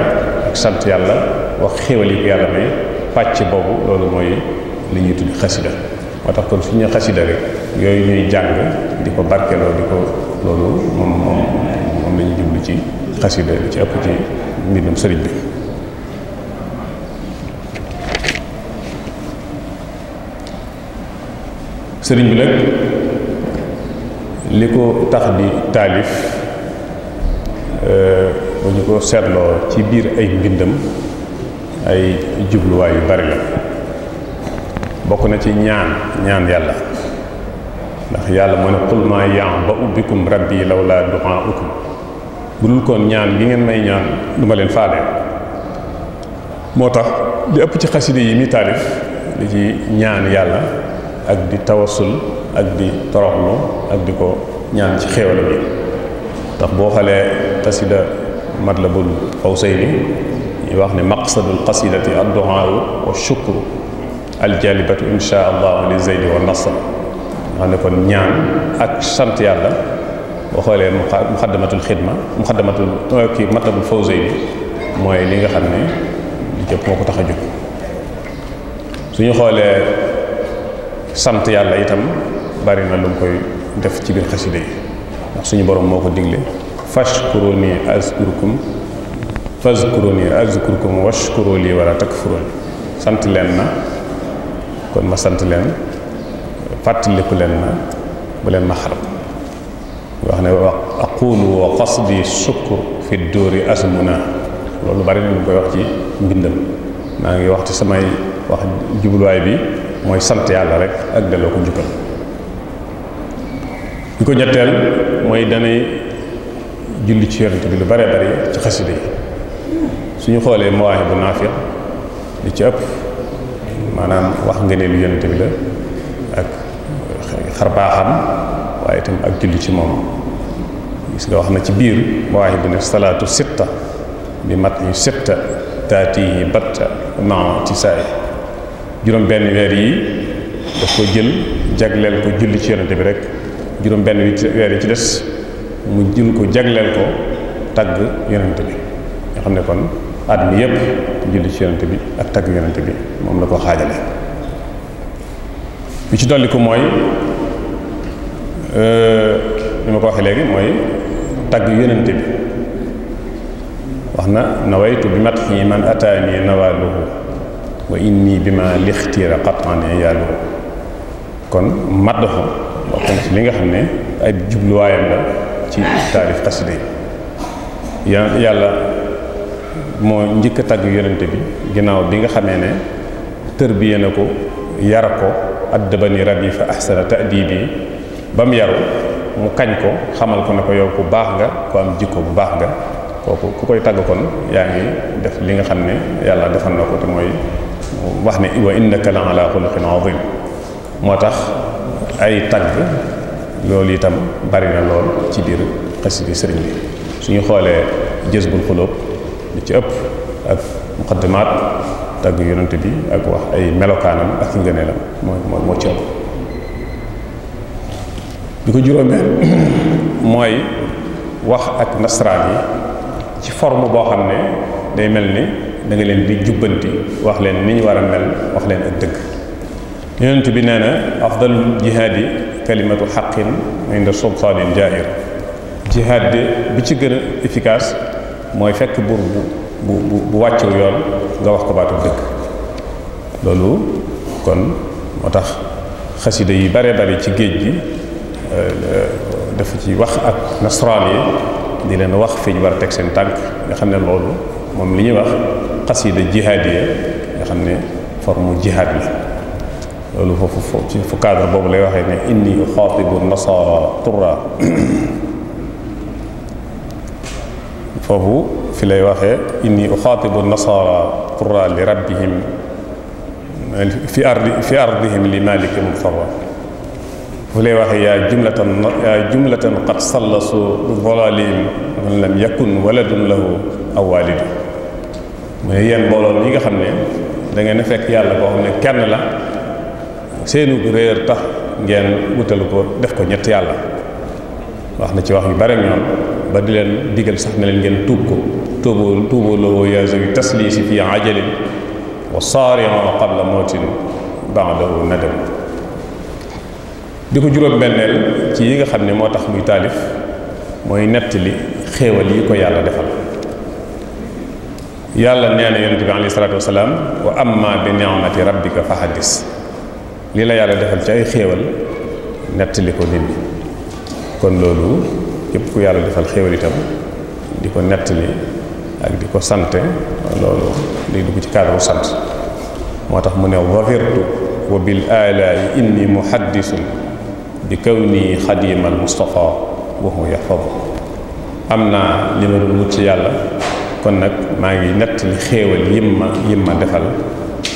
sant yàlla wax xéwal yi ko yàlla may pàcc boobu loolu mooy li ñuy tudd xasida moo tax kon suñu xasida rek yooyu ñuy jàng di ko barkeloo di ko loolu moom moom moom lañu jublu ci xasida lu ci ëpp ci mbindum sëriñ bi nag li ko tax di taalif euh, bu ñu ko seetloo ci biir ay mbindam ay jubluwaay yu bari la bokk na ci ñaan ñaan yàlla ndax yàlla moo ne qul maa ya'ba'u bikum rabbi lawlaa du'aa'ukum bu dul koon ñaan gi ngeen may ñaan du ma leen faale moo tax li ëpp ci xaside yi mi taalif di ci ñaan yàlla ak di tawasul ak di toroxlu ak di ko ñaan ci xéewal bi tax boo xalee xasida مطلب الحسين يقول مقصد القصيدة الدعاء والشكر الجالبة إن شاء الله للزيد والنصر أنا كن نيان أك سنت يالا وخول مقدمة الخدمة مقدمة كي مطلب الفوزين موي ليغا خامني دي جيب موكو تاخا جوك سوني خول سنت يالا ايتام بارينا لوم كوي ديف تي بير خسيده سوني بوروم موكو ديغلي فاشكروني أذكركم فاذكروني أذكركم واشكروا لي ولا تكفرون سانت لنا كون ما سانت لنا فاتلكو لنا بلن محرم وحنا أقول وقصدي الشكر في الدور أزمنا lolu bari ñu koy wax ci mbindam ma ngi wax ci samay wax jubluway bi moy sant yalla rek ak dalo ko jukal biko julli ci yonent bi lu bare bare ci xasida yi suñu xoolee mawaahi bu naafiq li ci ëpp maanaam wax nga ne lu yonent bi la ak xar baaxam waaye itam ak julli ci moom gis nga wax na ci biir mawaahi bu ne salaatu sitta bi mat yu sitta taatihi batta ma tisaay juróom benn weer yi daf ko jël jagleel ko julli ci yonent bi rek juróom benn weer yi ci des mu jël ko jagleel ko tagg yonent bi nga xam ne kon at mi yépp julli ci yonent bi ak tagg yonent bi moom la ko xaajale bi ci dolli ko mooy li euh, ma ko waxee léegi mooy tagg yonent bi wax na nawaytu bi mat xii man ataani nawaaluhu wa inni bi ma lixtiira qatani yaaluhu kon madd ko bokk na ci li nga xam ne ay jubluwaayam la ci taarif xasida yi yàlla moo njëkk a tagg yonente bi ginnaaw bi nga xamee ne tërbiye na ko yara ko addabani rabbi fa ahsana ta'dibi ba mu yaru mu kañ ko xamal ko ne ko yow ku baax nga ku am jikko bu baax nga kooku ku koy tagg kon yaa ngi def li nga xam ne yàlla defal na ko te mooy wax ne wa innaka la ala xuluqin azim moo tax ay tagg loolu itam bari na lool ci biir xasidi sëriñ bi suñu xoolee jës bul xulóob li ci ëpp ak muqaddimaat tagg yonante bi ak wax ay melokaanam ak ngëneelam mooy mooy moo ci ëpp bi ko juróomee mooy wax ak nasaraan yi ci forme boo xam ne day mel ni da nga leen di jubbanti wax leen ni ñu war a mel wax leen ak dëgg yonent bi nee na afdalul jihaad yi كلمه حق عند سلطان جائر جهاد بي سي غن افيكاس موي فك بور بو واتيو يون غا واخ كو باتو دك لولو كون موتاخ خسيده يي باري باري سي گيج بي آه، دا فا سي واخ اك نصراني دي لن واخ في جوار تك سين تانك نا خن لولو موم لي ني واخ قصيده جهاديه نا خن فورمو جهاد لي loolu foofu foofu ci fu cadre boobu lay waxee ne inni uxaatibu nasaara turra foofu fi lay waxee inni uxaatibu nasaara turra li rabbihim fi ardi fi ardihim li maliki mudfarra fu lay waxee yaa jumlatan yaa jumlatan qad sallasu bi dalalihim man lam yakun waladun lahu aw walidu mu ne yéen mbooloo mi nga xam ne da ngeen a fekk yàlla boo xam ne kenn la seenu réer tax ngeen wutalu ko def ko ñett yàlla wax na ci wax yu bare ñoom ba di leen digal sax ne leen ngeen tuub ko tuubu tuubu loo yazawi taslisi fi ajalin wa saari'u qabla mawtin ba'dahu nadam di ko juróom benneel ci yi nga xam ne moo tax muy taalif mooy nettali xéewal yi ko yàlla defal yàlla nee na yonent bi alayhi salaatu wasalaam wa amma bi ni'mati rabbika fa haddis li la yàlla defal ci ay xéewal nettali ko nit ñi kon loolu képp ku yàlla defal xéewal itam di ko nettali ak di ko sante loolu li dugg ci cadre sant moo tax mu ne wafirtu wa bil alaayi inni muhaddisun bi kawni al mustafa wa huwa yaxfadu am naa li ma doon wut ci yàlla kon nag maa ngi nettali xéewal yim ma yim ma defal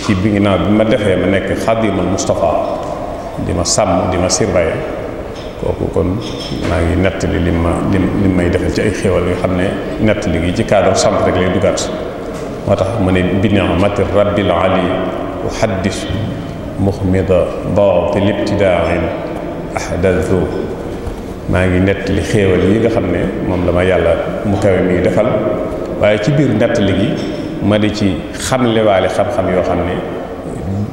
ci bi ginnaaw bi ma defee ma nekk xadimal Moustapha di ma sàmm di ma sirbaye kooku kon maa ngi nettali li ma lim may defal ci ay xéwal yi xam ne li gi ci cadre sant rek lay dugat moo tax mu ne bi ni'mati rabbil ali uhaddis muxmida baati libtidaain ahdathu maa ngi li xéewal yi nga xam ne moom la ma yàlla mu kawe mi defal waaye ci biir nettali gi ma di ci xamlewaale xam-xam yoo xam ne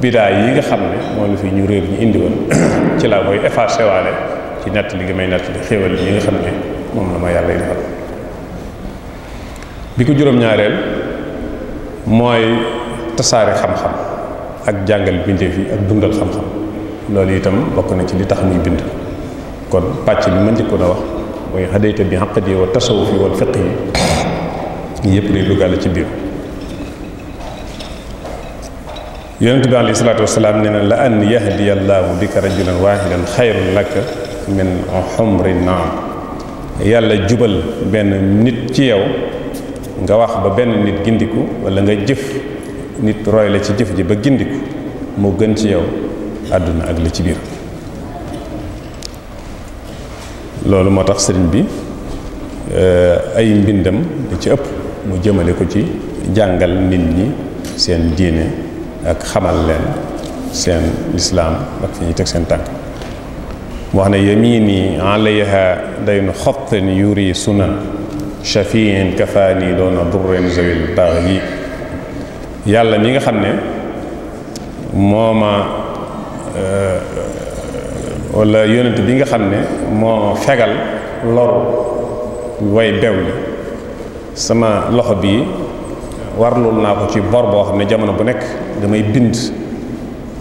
bidaa yi nga xam ne moo la fi ñu réer ñu indi woon ci laa koy effacé waale ci nett li gi may nett li xéewal yi nga xam ne moom la ma yàlla yi defal bi ko juróom-ñaareel mooy tasaare xam-xam ak jàngal bindeef yi ak dundal xam-xam loolu itam bokk na ci li tax ñuy bind kon pàcc bi ma njëkkoon a wax mooy xadayta bi xaqat yi wa tasawuf yi wal fiq yi yëpp lay duggaale ci biir yonent bi alayhi salaatu wasalaam nee na la an yahdiyallaahu bika rajulan waahidan xayrun laka min humri naam yàlla jubal benn nit ci yow nga wax ba benn nit gindiku wala nga jëf nit roy la ci jëf ji ba gindiku moo gën ci yow àdduna ak la ci biir loolu moo tax sëriñ bi eh, ay mbindam da ci ëpp mu jëmale ko ci jàngal nit ñi seen diine ak xamal leen seen lislaam ak fi ñuy teg seen tànk wax ne yamini alayha dayn xottin yuri sunan shafiin kafaani doona durren zawil baax yi yàlla mi nga xam ne mooma wala yonent bi nga xam ne moo fegal lor way bew li sama loxo bii warlul naa ko ci bor boo xam ne jamono bu nekk damay bind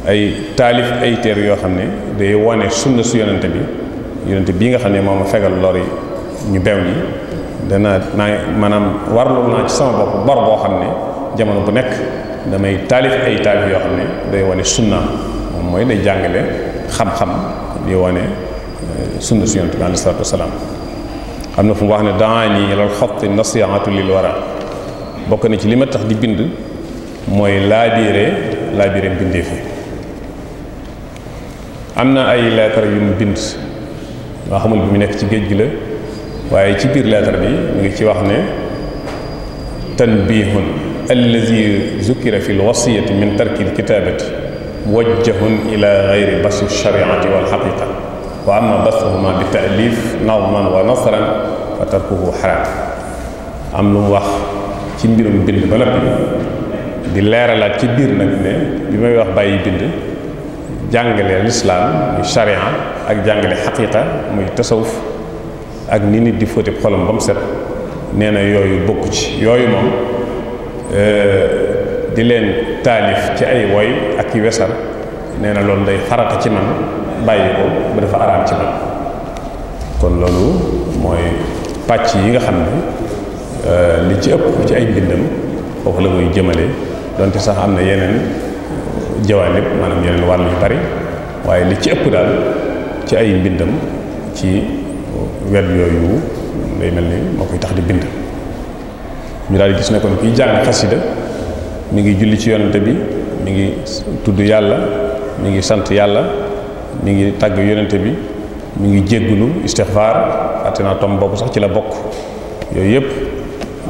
ay taalif ay téer yoo xam ne day wane sunna su yonente bi yonente bii nga xam ne moo ma fegal lor yi ñu bew yi dana naa maanaam warlul naa ci sama bopp bor boo xam ne jamono bu nekk damay taalif ay taalif yoo xam ne day wane sunna moom mooy day jàngale xam-xam di wane sunna su yonente bi alayhi salaatu wasalaam am na fu mu wax ne daani ilal xotti nasiatu lil wara bokk na ci li ma tax di bind mooy laabiire laabiire mbindeef yi am na ay lettre yu mu bind nga xamul bi mu nekk ci géej gi la waaye ci biir lettre bi mu ngi ci wax ne tanbihun allazi zukira fi lwasiyati min tarki lkitabati wajjahun ila gayri basu lshariati walxaqiqa wa amma basuhuma bi taalif nawman wa nasran fa tarkuhu xaraam am lu mu wax ci mbirum bind ba noppi di leeralaat ci biir nag ne bi may wax bàyyi bind jàngale lislaam muy charia ak jàngale xaqiqa muy tasawuf ak ni nit di fóotib xolam ba mu set nee na yooyu bokk ci yooyu moom euh, di leen taalif ci ay woy ak i wesal nee na loolu day farata ci man bàyyi ko ba dafa araam ci man kon loolu mooy pàcc yi nga xam ne Euh, li ci ëpp ci ay bindam foofu la koy jëmale donte sax am na yeneen euh, jawaanib maanaam yeneen wàll yu bari waaye li ci ëpp daal ci ay mbindam ci wet yooyu lay mel ni moo koy tax di bind ñu daal di gis ne kon kiy jàng xasida mi ngi julli ci yonante bi mi ngi tudd yàlla mi ngi sant yàlla mi ngi tàgg yonante bi mi ngi jéggulu istighfar tom boobu sax ci la bokk yooyu yëpp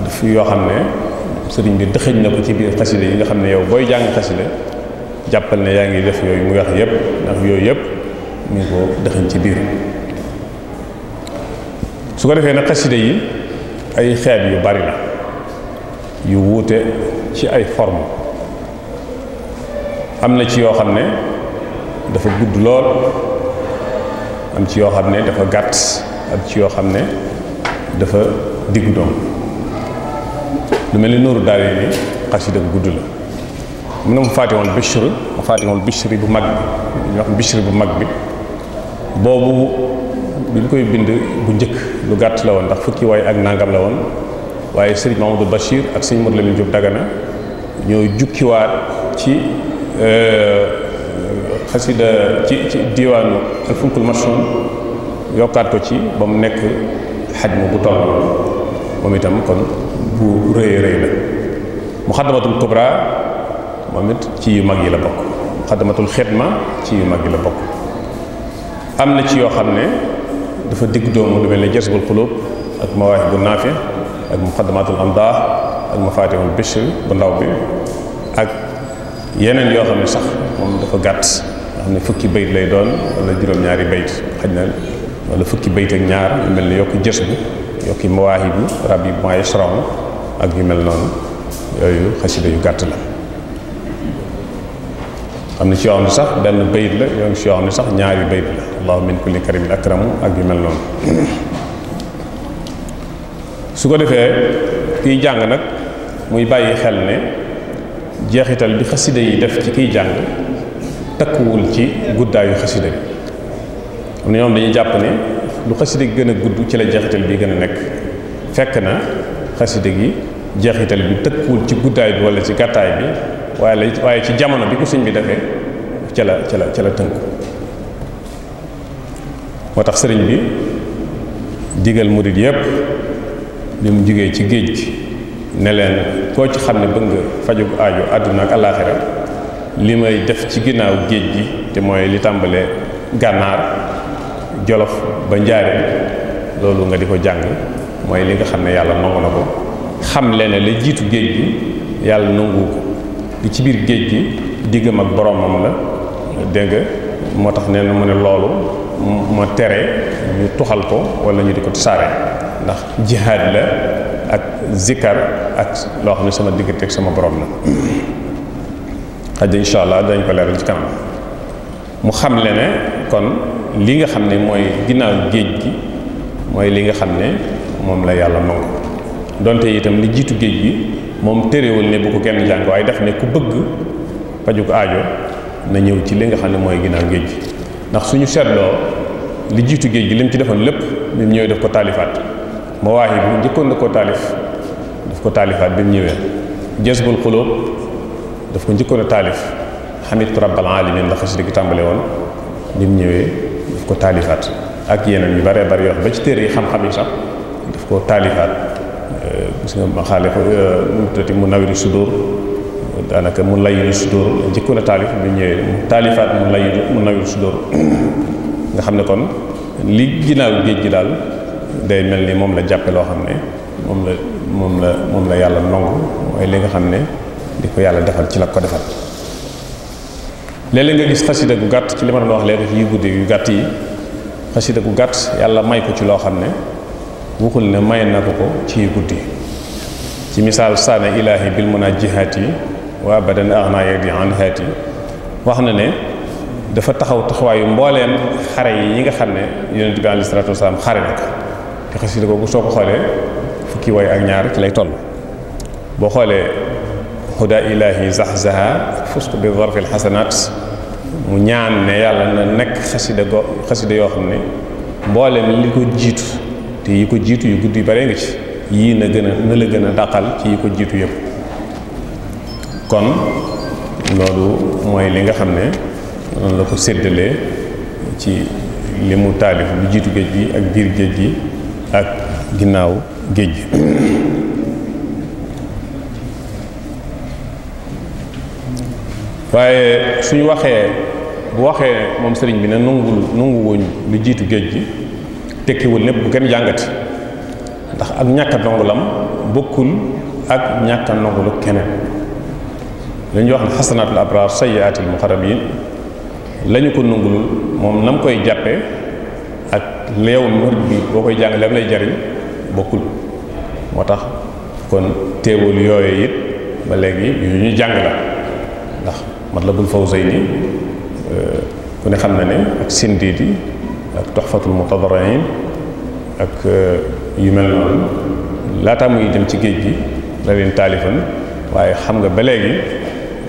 fi yoo xam ne sëriñ bi dëxëñ na ci biir xasida yi nga xam ne yow booy jàng xasida jàppal ne yaa ngi def yooyu muy wax yëpp ndax yooyu yëpp mu ngi ci biir su ko defee nag xasida yi ay xeet yu bari la yu wuute ci ay forme am na ci yoo xam ne dafa gudd lool am ci yoo xam ne dafa gàtt am ci yoo xam ne dafa diggu doom lu mel ni nooru daal yi ni xasida bu gudd la mu ne mu fàtte woon Bichri mu fàtte woon Bichri bu mag bi bu mag bi boobu bi ñu koy bind bu njëkk lu gàtt la woon ndax fukki waay ak nangam la woon waaye sëriñ Mamadou Bachir ak sëriñ Modou Lamine Diop Dagana ñoo jukkiwaat ci euh, xasida ci ci diwaanu alfunkul machon yokkaat ko ci ba mu nekk xajma bu toll moom itam kon bu rëy rëy la muxaddamatul kubra moom it ci yu mag yi la bokk muxaddamatul xidma ci yu mag yi la bokk am na ci yoo xam ne dafa digg doomu lu mel ne jasbul xulub ak mawaahib bu naafi ak muxaddamatul amdah ak mafatihul bishr bu ndaw bi ak yeneen yoo xam ne sax moom dafa gàtt nga xam ne fukki bayt lay doon wala juróom-ñaari bayt xaj na wala fukki bayt ak ñaar lu mel ne yokki jës bu yokki mawaahib bi rab yi bu ma yasrahu ak yu mel noonu yooyu xasida yu gàtt la xam ne ci yoo xam ne sax benn bayit la yoo ci yoo xam ne sax ñaari bayit la allahu min kulli karimin akramu ak yu mel noonu su ko defee kiy jàng nag muy bàyyi xel ne jeexital bi xasida yi def ci kiy jàng takkuwul ci guddaayu xasida bi ne na ñoom dañuy jàpp ne lu xasida gi gën a gudd ci la jeexital bi gën a nekk fekk na xasida gi jeexital bi tëkkuwul ci guddaay bi wala ci gàttaay bi waaye la waaye ci jamono bi ko sëñ bi defee ca la ca la ca la tënku moo tax sëriñ bi digal murit yépp bi mu jugee ci géej gi ne leen koo ci xam ne bëgg nga faju aaju àdduna ak alaaxira li may def ci ginnaaw géej gi te mooy li tàmbalee gànnaar jolof ba njaareel loolu nga di ko jàng mooy li nga xam ne yàlla nangu na ko xam le ne la jiitu géej gi yàlla nanguwu ko li ci biir géej gi diggam ak boromam la dégg nga moo tax nee na mu ne loolu ma tere ñu tuxal ko wala ñu di ko tasaare ndax jihaad la ak zikar ak loo xam ne sama diggante ak sama borom la xaj incha allah dañ ko leeral ci kanam mu xam le ne kon li nga xam ne mooy ginnaaw géej gi mooy li nga xam ne moom la yàlla nangu donte itam li jiitu géej gi moom téréwul ne bu ko kenn jàng waaye daf ne ku bëgg ko aajo na ñëw ci li nga xam ne mooy ginnaaw géej gi ndax suñu seetloo li jiitu géej gi lim ci defoon lépp bi mu ñëwee daf ko taalifaat mawaahi bi njëkkoon na koo taalif daf ko taalifaat bi mu ñëwee jasbul xulóob daf ko njëkkoon a taalif xamit rabbal alamin la xasida gi tàmbale woon bi mu ñëwee daf ko taalifaat ak yeneen yu baree bari yoo xam ci téere yi xam sax ko talihat, taalifaat eh, gis nga maxaale eh, ko tati mu nawiru sudur danaka mu layiru sudur jikko na talif bi ñëwee talifat taalifaat mu layiru mu sudur nga xamne kon li ginaaw geej gi dal day melni mom la jappé lo xam mom la mom la mom la yalla nong way li nga diko di ko defal ci la ko defal lele nga gis xasida gu gatt ci li ma doon wax léegi yu yu gatt yi xasida gu gatt yalla may ko ci lo waxul ne may na ko ko ci guddi ci misaal saana ilaahi bil munajihati wa abadan axna yadi an haati wax na ne dafa taxaw taxawaayu mbooleem xare yi yi nga xam ne yonent bi alayhi salaatu wasalaam xare na ko te xasida googu soo ko xoolee fukki way ak ñaar ci lay toll boo xoolee huda ilahi zahzaha ak fusq bi zarfi alxasanat mu ñaan ne yàlla na nekk xasida go xasida yoo xam ne mbooleem li ko jiitu te yi ko jiitu yu guddi yu nga ci yii na gën a na la gën a dàqal ci yi ko jiitu yépp kon loolu mooy li nga xam ne noonu la ko séddalee ci li mu taalif lu jiitu géej gi ak biir géej gi ak ginnaaw géej gi waaye suñu waxee bu waxee moom sëriñ bi ne nungul nungu wuñ lu jiitu géej gi tekkiwul népp bu kenn jàngati ndax ak ñàkk a dongulam bokkul ak ñàkk a dongulu keneen la ñuy wax ne xasanaatul abraar sayyiaatul muqarrabiin la lañu ko nungulul moom nam koy jàppe ak leew murit bi boo koy jàng lam lay jariñ bokkul moo tax kon teewul yooyu it ba léegi yu ñu jàng la ndax Matlabul Fawzayni euh, ku ne xam na ne ak sindiidi ak toxfatul mutadarain ak yu mel non la tamuy dem ci geejgi la len talifan waye xam nga ba léegi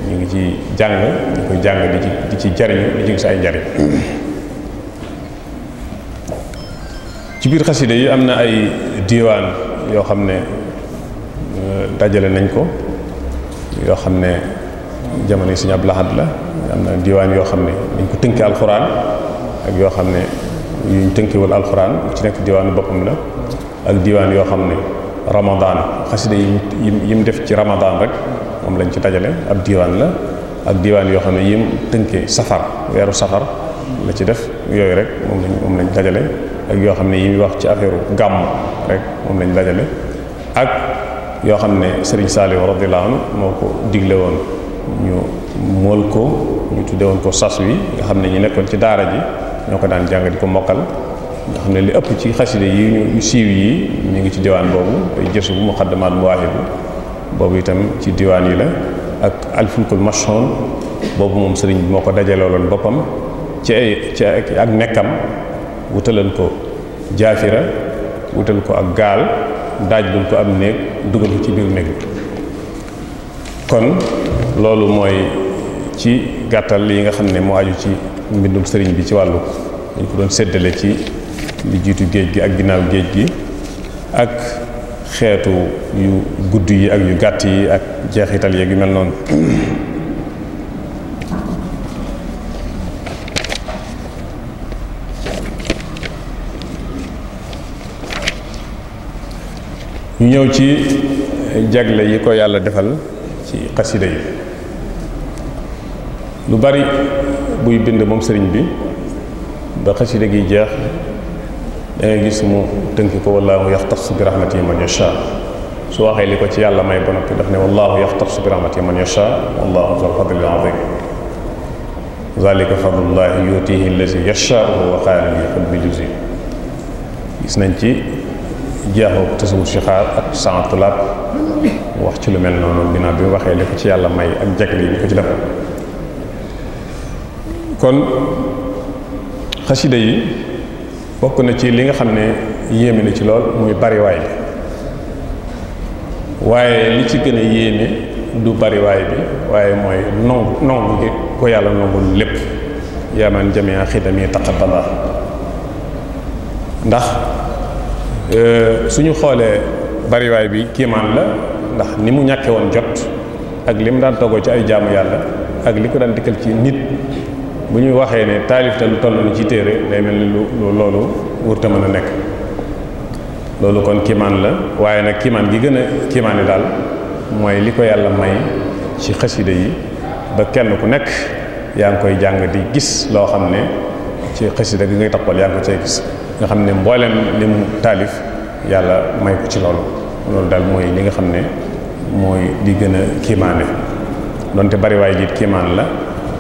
ñu ngi ci jang ñi koy jang di ci di ci jariñu di ci say ay ci bir xasida yi amna ay diwan yo xamne euh, dajale nañ ko yo xamne ne jamono yi sëñ Abdou Lahad la am na diiwaan yoo dañ ko teunké alcorane ak yo xamne yuñ tënkewal alxuraan ci nekk diwaanu boppam la ak diwaan yoo xam ne ramadaan xasida yi yi mu def ci ramadaan rek moom lañ ci dajale ab diwaan la ak diwaan yoo xam ne yim tënkee safar weeru safar la ci def yooyu rek moom lañ moom lañ dajale ak yoo xam ne yi muy wax ci affaire gàmm rek moom lañ dajale ak yoo xam ne Serigne Saliou la anhu moo ko digle woon ñu mool ko ñu tudde woon ko sas wi nga xam ne ñu nekkoon ci daara ji ñoo ko daan jàng di ko mokkal nga xam ne li ëpp ci xaside yi ñu siiw yi ñu ngi ci diwaan boobu ay jësu bu muqaddamat muwaahibu boobu itam ci diwaan yi la ak alfulkul mashhun boobu moom sëriñ bi moo ko dajalooloon boppam ci ay ci ak nekkam wutalan ko jaafira wutal ko ak gaal daaj lul ko am néeg dugal ko ci biir néeg kon loolu mooy ci gàttal yi nga xam ne moo aju ci mbindum sëriñ bi ci wàllu dañ ko doon séddale ci li jiitu géej gi ak ginnaaw géej gi ak xeetu yu gudd yi ak yu gàtt yi ak jeexital yeeg yu mel noonu ñu ñëw ci jagle yi ko yàlla defal ci xasida yi lu bari buy bind moom sëriñ bi ba xasida gi jeex da ngay gis mu tënk ko wallahu yaxtasu bi rahmatihi man yasha su waxee li ko ci yàlla may ba noppi daf ne wallahu yaxtasu bi rahmatihi man yasha wallaahu zul fadlil azim zalika fadlullahi yutihi allazi yashaau wa qaala li xud bi juzi gis nañ ci jeexu tasawut si xaar ak santulaab wax ci lu mel noonu ginnaaw bi mu waxee li ko ci yàlla may ak jagle yi ko ci defal kon xasida yi bokk na ci li nga xam ne yéeme na ci lool muy bariwaay bi waaye li ci gën a yéeme du bariwaay bi waaye mooy nongu nongu gi ko yàlla nongul lépp yaamaan jamia xidami taqabbala ndax euh, suñu xoolee bariwaay bi kiimaan la ndax ni mu ñàkke woon jot ak li mu daan toggoo ci ay jaamu yàlla ak li ko daan dikkal ci nit bu ñuy waxee ne taalif te lu toll ni ci téere day mel ni lu loolu wurta mën a nekk loolu kon kiimaan la waaye nag kiimaan gi gën a kiimaani daal mooy li ko yàlla may ci xasida yi ba kenn ku nekk yaa ngi koy jàng di gis loo xam ne ci xasida gi ngay taxawal yaa ngi ko gis nga xam ne mbooleem li yàlla may ci loolu loolu daal mooy li nga xam ne mooy di gën a kiimaane donte bariwaay gi kiimaan la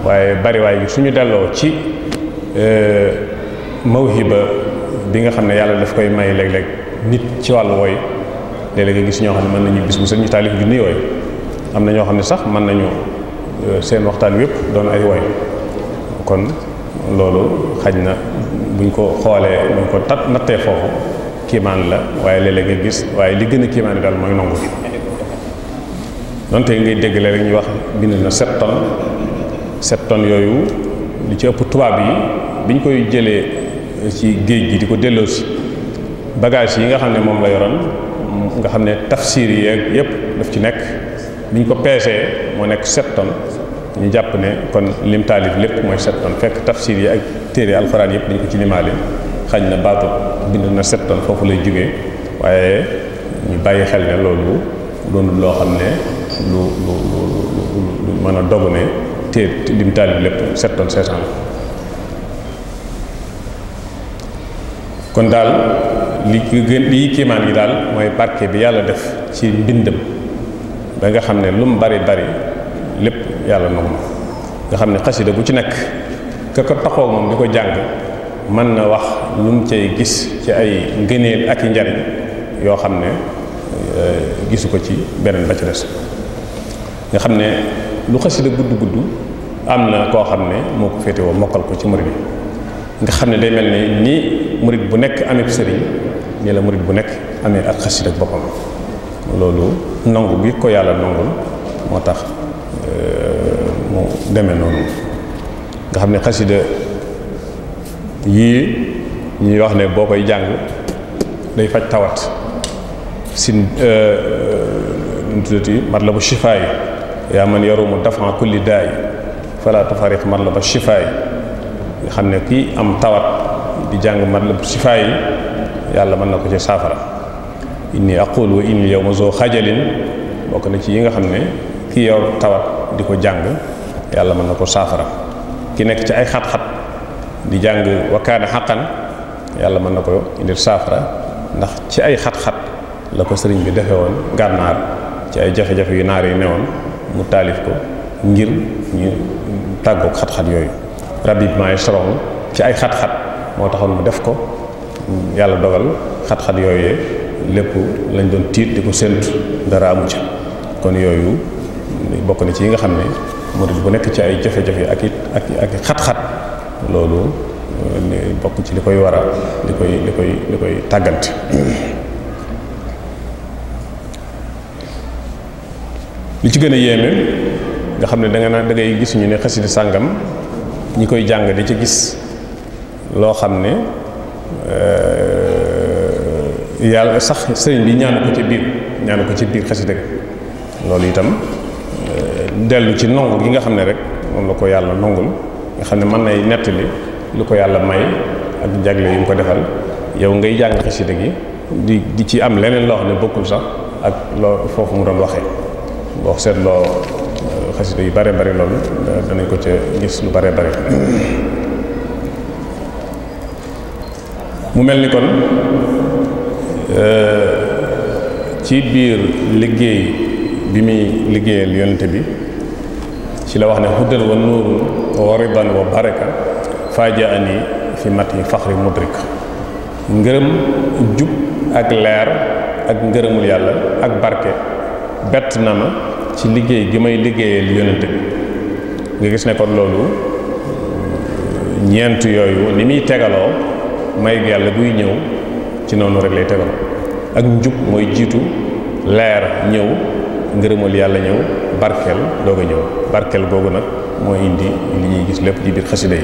waaye bari bariwaay bi suñu delloo ci euh, mawhiba bi nga xam ne yàlla daf koy may léeg-léeg nit ci wàll woy léeg-léeg nga gis ñoo xam ne mën nañu bis bu seen ñu bi junni woy am na ñoo xam ne sax mën nañu euh, seen waxtaan wépp doon ay woy kon loolu xaj na buñ ko xoolee buñ ko tat nattee foofu kiimaan la waaye léeg-léeg nga gis waaye li gën a kiimaan daal mooy nangu donte ngay dégg léeg-léeg ñuy wax bind na sept tonnes 7 tonnes yoyu li ci ëpp tubaab bi biñ koy jëlé ci géej gi diko ko delloosi bagage yi nga xamné mom la yoron nga xamné tafsir yi ak yépp daf ci nek biñ ko peesee mo nek 7 tonnes ñu japp né kon lim taalif lepp moy 7 tonnes fekk tafsir yi ak téré alcorane yépp dañ ko ci limalé xañ na baatu bind na 7 tonnes fofu lay jógee wayé ñu bàyyi xel né loolu doon lo xamné lu lu lu lu dogu téye lim taalib lépp 7 tonnes 500 la kon daal li gën li kiimaan gi daal mooy parke bi yàlla def ci mbindam ba nga xam ne lu mu bari bari lépp yàlla nangu na nga xam ne xasida bu ci nekk ka ko taxoo moom di ko jàng mën na wax lu mu cay gis ci ay ngëneel ak i njariñ yoo xam ne eh, gisu ko ci beneen ba ci des nga xam ne lu xasida gudd gudd am na koo xam ne moo ko féetewoo mokkal ko ci murid yi nga xam ne day mel ne nii murid bu nekk amee sëriñ nii la murid bu nekk amee ak xasida ak boppam loolu nangu bi ko yàlla nangul moo tax euh, mu deme noonu nga xam ne xasida yii ñuy wax ne boo koy jàng day faj tawat si euh, nu tuddati mat la bu shifaa yi yaa man yarumu dafan kulli daay fala tufariq matlaba shifa yi nga xam ki am tawat di jang matlab shifay yalla man nako ci safara inni aqulu in inni zu khajalin bok na ci yi nga xamne ki yow tawat di ko yalla ya nako safara ko ki nek ci ay khat khat di jang wa kana haqqan yalla man ko indil safara ndax ci ay khat khat la ko sëriñ bi defewon woon ci ay jafé jafé yu naari newon mu talif ko ngir ñu tàggoog xat-xat yooyu rabbi bi maay soroon ci ay xat-xat moo taxoon mu def ko yàlla dogal xat-xat yooyee lépp lañ doon tiit di ko séntu dara amu ca kon yooyu bokk na ci yi nga xam ne de bu nekk ci ay jafe-jafe ak it ak ak xat-xat loolu bokk ci li koy waral li koy li koy li koy tàggante li ci gën a yéeme nga xam ne da nga naan da ngay ñu ne xasida sàngam ñi koy jàng di ci gis loo xam ne euh, yàlla sax sëriñ bi ñaanu ko ci biir ñaanu ko ci biir xasida loolu itam euh, dellu ci nongu gi nga xam ne rek moom la ko yàlla nongul nga xam ne mën nay nettali lu ko yàlla may ak jagle yi mu ko defal yow ngay jàng xasida gi di di ci am leneen loo xam ne bokkul sax ak loo foofu mu doon waxee boo seetloo xasida yi bare bare loolu danañ ko ca gis lu bare bare mu mel ni kon eh, ci biir liggéey bi muy liggéeyal yonente bi ci la wax ne xuddal wa nuurun wa ridan wa baraka fajaani fi mat yi faxri mudrik ngërëm jub ak leer ak ngërëmul yàlla ak barke bett na ma ci liggéey gi may liggéeyal yonente bi nga gis ne loolu ñeent yooyu ni muy tegaloo may yàlla guy ñëw ci noonu rek lay tegaloo ak njub mooy jiitu leer ñëw ngërëmal yàlla ñëw barkeel doog a ñëw barkeel googu nag mooy indi li ñuy gis lépp ci biir xasida yi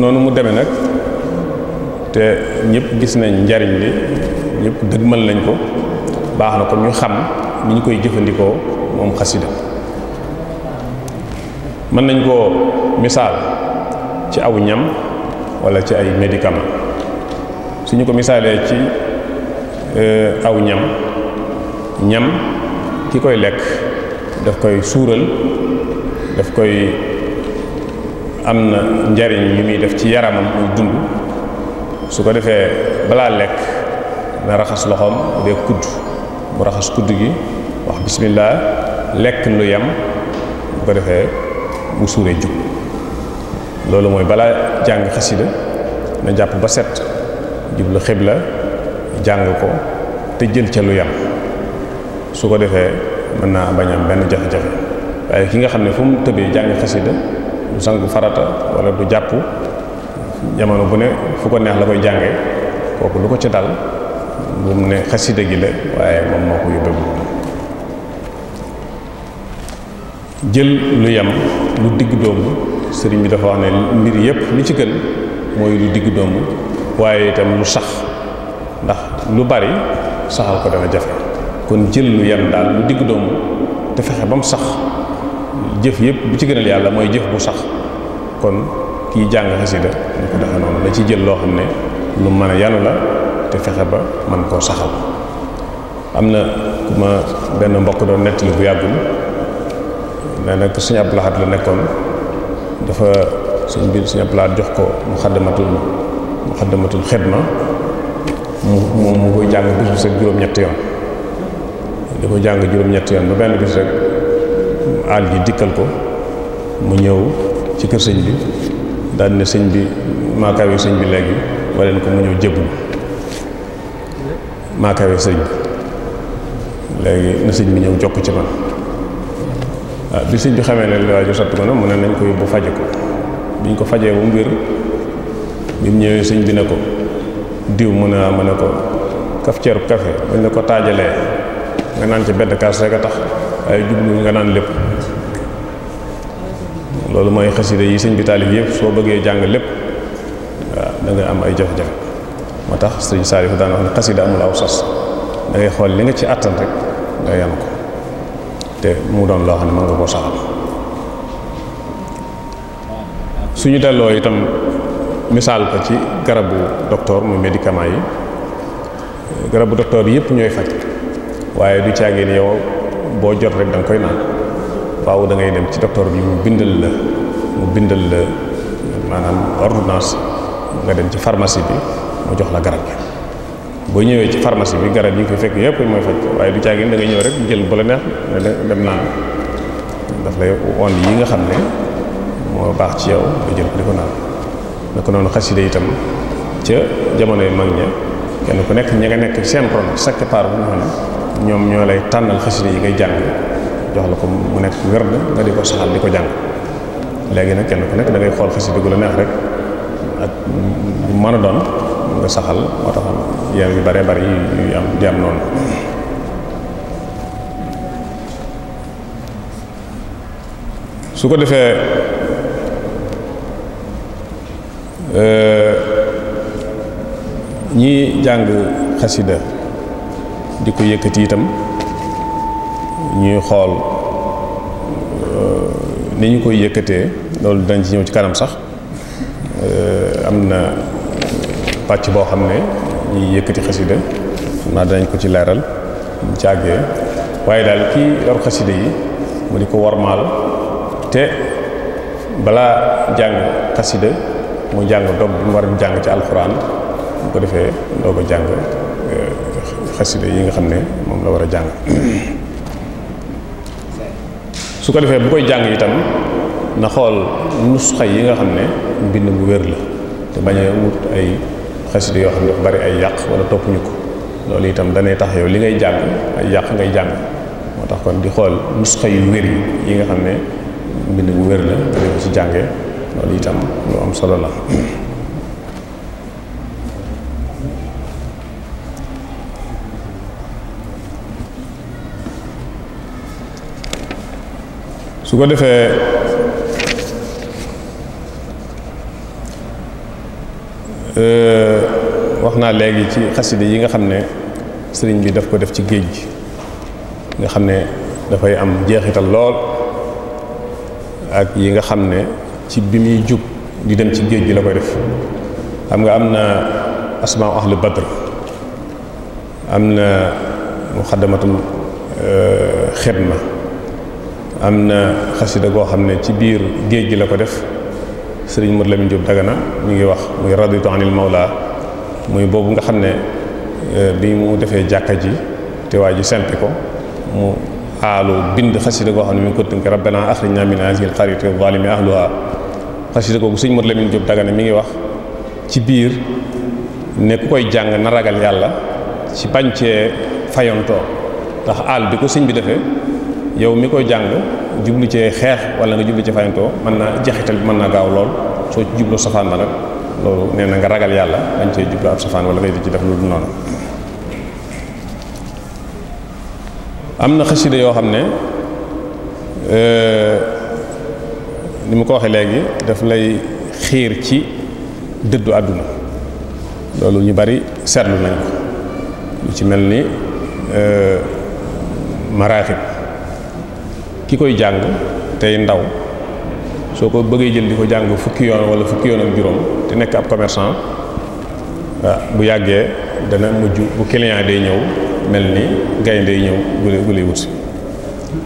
noonu mu demee nag te ñëpp gis nañ njariñ li ñëpp dëgmal nañ ko baax na ko ñu xam ni ñu koy jëfandikoo moom xasida mën nañ koo misaal ci aw ñam wala ci ay médicament suñu ko misaalee ci euh, aw ñam ñam ki koy lekk daf koy suural daf koy am na njariñ li muy def ci yaramam muy dund su ko defee balaa lekk na raxas loxoom de kudd mu raxas kudd gi wax bismillah lekk lu yem bu ko defee bu suuree jub loolu mooy balaa jàng xasida na jàpp ba set jublu la jàng ko te jël ca lu yam su ko defee mën naa bañ am benn jafe-jafe waaye ki nga xam ne foo mu tëbee jàng xasida sang farata wala du japp jamono bu ne fu ko neex la koy jange kooku lu ko ci dal bu mu ne khassida gi la waye mom moko ko yóbbee bu jël lu yam lu digg dom serigne bi dafa wax ne mbir yépp li ci gën moy lu digg dom waye tam lu sax ndax lu bari saxal ko dana jafé kon jël lu yam dal lu digg dom te fexé bam sax jëf yëpp bu ci gënal yàlla mooy jëf bu sax kon kiy jàng xasida ñu ko defe noonu da ci jël loo xam ne lu mën a yàlla la te fexe ba man koo saxal am na ku ma benn mbokk doon nettali bu yàggul nee nag suñu Abdou Lahad la nekkoon dafa suñ biir suñu Abdou jox ko mu muxaddamatul xidma mu mu mu koy jàng bis bu set juróom-ñetti yoon di ko jàng juróom-ñetti yoon ba benn bis rek aal gi dikkal ko mu ñëw ci kër sëñ bi daal ne sëñ bi maakaawe sëñ bi léegi waleen ko mu ñëw jébbu maakaawe sëñ bi léegi na sëñ bi ñëw jokk ci man waaw ah, bi sëñ bi xamee ne li waa ji sotti ko na mu ne nañ ko yóbbu faje ko bi ñu ko fajee bu mbir bi mu ñëwee sëñ bi ne ko diw mën a ma ne ko kaf ceeru kafe bañ la ko taajalee nga naan ci benn kaas rek a tax waaye jublu nga naan lépp loolu moy xasida yi seigne bi taalif yeb so beugé jang lepp da nga am ay jafe-jafe motax seigne sëñ da na wax ne amul awsas da ngay xol li nga ci àttan rek nga yam ko te mu don loo xam ne mën nga ko saxal suñu dello itam misal ko ci garabu docteur mu médicament yi garabu docteur yëpp ñoy fajj waye du ciagne yow bo jot rek dang koy nane waaw da ngay dem ci docteur bi mu bindal la mu bindal la maanaam ordonnance nga dem ci pharmacie bi mu jox la garab gi boo ñëwee ci pharmacie bi garab yi nga fekk yëpp mooy faj waaye du caagin da ngay ñëw rek jël bu la neex dem naan daf lay won yi nga xam ne moo baax ci yow nga jël ko di ko naan naka noonu xasida itam ca jamono yu mag ña kenn ku nekk ña nga nekk seen ron chaque part bu nga ne ñoom ñoo lay tànnal xasida yi ngay jàng jox la ko mu nekk wér na nga di ko saxal di ko jàng léegi nag kenn ku nekk da ngay xool xasida gu la neex rek ak mën a doon nga saxal moo tax yenn yu bare bari yu am di am noonu su ko defee euh, ñi jàng xasida di ko yëkkati itam ñuy xool euh, ni ñu koy yëkkatee loolu dinañ ci ñëw ci kanam sax euh, am na pàcc boo xam ne ñuy yëkkati xasida naa danañ ko ci leeral ñu ci àggee waaye daal kii yor xasida yi mu di ko warmaal te balaa jàng xasida mu jàng dog bi mu war a jàng ci alxuraan bu ko defee doo ko jàng euh, xasida yi nga xam ne moom la war a jàng su ko defee bu koy jàng itam na xool nusxa yi nga xam ne mbind mu wér la te bañ a wut ay xasida yoo xam ne dafa bari ay yàq wala toppuñu ko loolu itam danay tax yow li ngay jàng ay yàq ngay jàng moo tax kon di xool nusxa yu wér yi yi nga xam ne mbind mu wér la nga ko ci jànge loolu itam lu am solo la su ko defee wax naa léegi ci xasida yi nga xam ne sëriñ bi daf ko def ci géej gi nga xam ne dafay am jeexital lool ak yi nga xam ne ci bi muy jug di dem ci géej gi la koy def xam nga am na asmaa ahlu badr am na muxaddamatul xidma am na xasida goo xam ne ci biir géej gi la ko def sëriñ Mor Lamine Diop Dagana mi ngi wax muy raditu anil laa muy boobu nga xam ne euh, bi mu defee jàkka ji te waa ji sempi ko mu aalu bind xasida goo xam ne mu ngi ko tënk rabbana axrijna min haazihil qaryati zaalimi ahluha xasida googu sëriñ Mor Lamine Diop Dagana mu ngi wax ci biir ne ku koy jàng na ragal yàlla ci bañ cee fayontoo ndax aal bi ko sëñ bi defee yow mi koy jang djublu ci xex wala nga djublu ci mana man na jaxital man na gaw lol so djublu safan jubloo safaan ba nga ragal yalla dañ ci djublu ab safan wala ngay di ci def lu non amna khassida yo xamne euh xam ni ko waxe legi daf lay xir ci deddu aduna lolou ñu bari setlu nañ ko ci melni euh ki koy jàng tey ndaw soo ko bëggee jël di ko jàng fukki yoon wala fukki yoon ak juróom te nekk ab commerçant ah, bu yàggee dana mujj bu client day ñëw mel ni gaynde day ñëw gule gule wut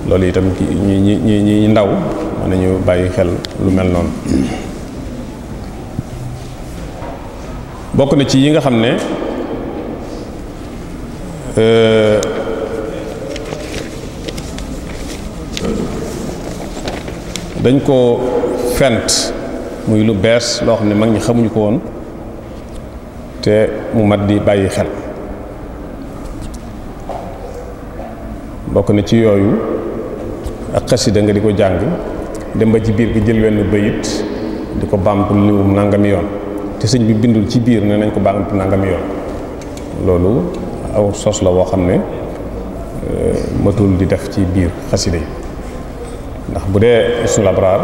loolu itam ki ñi ñi ñi ndaw mën nañu bàyyi xel lu mel noonu bokk na ci yi nga xam ne euh, dañ ko fent muy lu bes lo xamne mag ñi xamuñ ko won te mu mat di bayyi xel bokku na ci yoyu ak nga diko ko dem ba ci bir gi jël wenn bayit diko ko bàmp liwum nangami yoon te señ bi bindul ci bir nañ ko bàmp nangam yoon lolu aw sos la woo xamne euh matul di def ci bir xasida yi ndax budé dee ismul abraar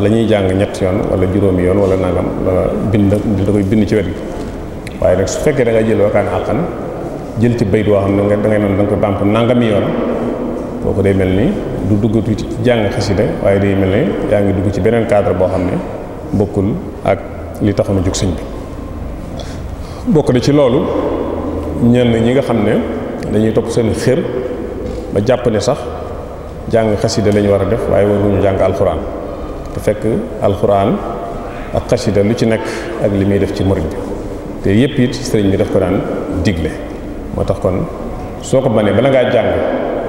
la ñuy yoon wala juroom yoon wala nangam bind da koy bind ci wet waye nak su fekké da nga jël wakaan àqan jël ci bayt woo xam nga da ngay non da nga bamp nangam yoon kooku day melni du duggatu ci jang xassida waye day melni ni dugg ci benen cadre bo xam bokul ak li taxoon a jóg sëñ bi bokk na ci loolu ñen ñi nga xam dañuy top seen xër ba japp ne sax jàng xasida la ñu war a def waaye waruñu jàng alxuraan te fekk alxuraan ak xasida lu ci nekk ak li muy def ci murid bi te yëpp it sëriñ bi def ko daan digle moo tax kon soo ko mënee bala ngaa jàng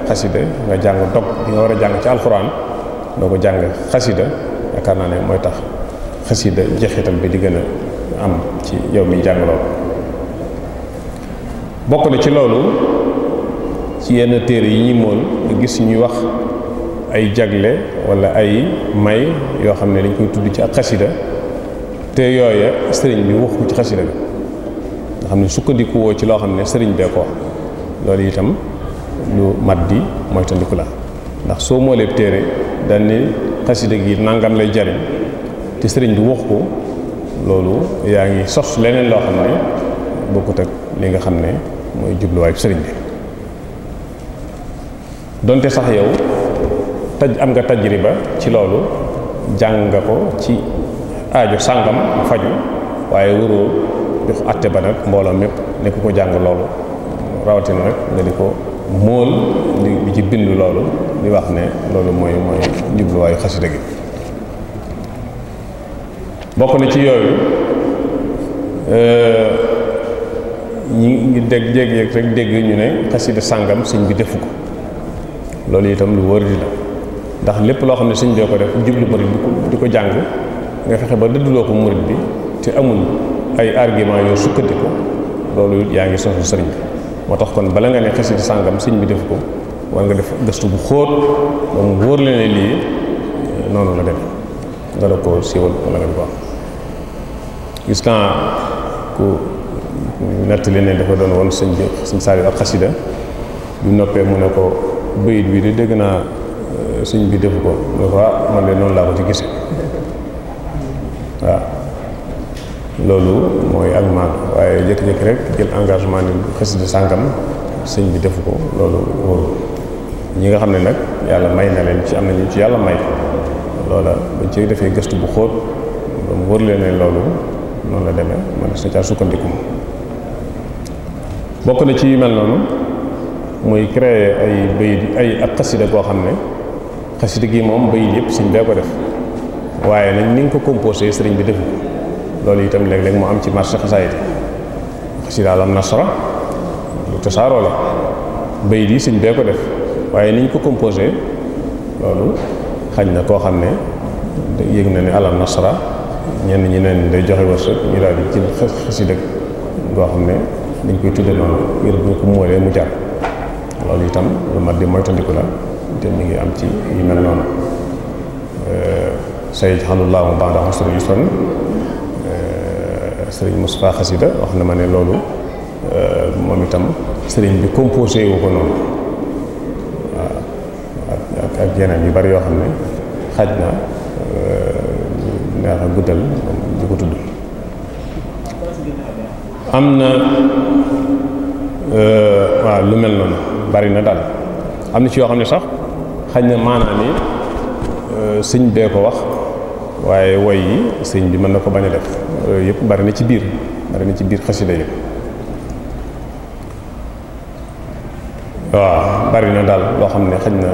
xasida nga jàng dog bi nga war a jàng ci alxuraan doo ko jàng xasida yaakaar naa ne mooy tax xasida jeexital bi di gën a am ci yow mi jàng loolu bokk na ci loolu ci yenn téere yi ñuy mool gis ñuy wax ay jagle wala ay may yo xam dañ koy tuddu ci ak xasida te yooya sëriñ bi wax ko ci xasida bi nga sukkandiku wo ci lo xam sëriñ bee ko wax itam lu maddi di tandiku la ndax mo mooleeb téré dal ni xasida gi nangam lay jariñ te sëriñ bi wax ko loolu yaangi sof sos leneen lo xam ak li nga xam moy mooy way sëriñ bi donte sax yow taj am nga tajriba ci loolu jàng nga ko ci aaju sàngam faju waaye wuroo jox atte ba nag mbooloo mépp ne ku ko jàng loolu rawatina nag nga di ko móol di ci bind loolu di wax ne loolu mooy mooy jubluwaayu xasida gi bokk na ci yooyu euh, ñi ngi dégg jéeg-jéeg rek ñu ne xasida sàngam sëñ bi defu ko loolu itam lu wër di ndax lépp loo xam ne sëñ bee ko def jublu murit di ko jàng nga fexe ba dëdduloo ko murit bi te amul ay argument yoo sukkandiku loolu yaa ngi sosu sëriñ bi moo tax kon bala nga ne xasida sàngam sëñ bi def ko war nga def gëstu bu xóot mu wóor la ne lii eh, la dem nga la ko siiwal wala nga ko am gis naa ku nettali ne dafa doon woon sëñ bi ak xasida bu noppee mu ne ko bëyit bi de dégg naa sëñ bi defu ko nga ko ah, man de noonu laa ko ci gise waaw loolu mooy ak maag waaye jékki-jékki rek jël engagement ni xasida sànkam sëñ bi defu ko loolu wóoru ñi nga xam ne nag yàlla may na leen ci am na ñu ci yàlla may loola bañ ci defee gëstu bu xóot ba mu wër leen ne loolu noonu la demee man sa caa sukkandiku bokk na ci yu mel noonu muy créer ay bayit ay ak xasida koo xam ne xasida gi moom bayit yëpp sëñ bee ko def waaye nag ni ko composé sëriñ bi def loolu itam léeg-léeg mu am ci marché xasaayit xasida alam nasra lu tasaaroo la bayit yi sëñ bee ko def waaye ni ko composé loolu xañ na koo xam ne yëg na ne alam nasra ñenn ñi neen day joxe wërsëg ñu daal di jël xasida goo xam ne dañ koy tudde noonu wér bu ñu ko moolee mu jar loolu itam lu mat di moytandiku la te mi ngi am ci yu mel noonu sayid xalullahu baada xusri yusran sëriñ Moustapha Xasida wax na ma ne loolu moom itam sëriñ bi composé wu ko noonu waaw ak ak yeneen yu bari yoo xam ne xaj na neex a guddal di ko tudd am na waaw lu mel noonu bari na daal am na ci yoo xam ne sax xañ na maanaam yi euh, sëñ bee ko wax waaye woy yi sëñ bi mën na ko bañ a def yëpp bari na ci biir bari na ci biir xasida yi waaw bari na daal loo xam ne xañ na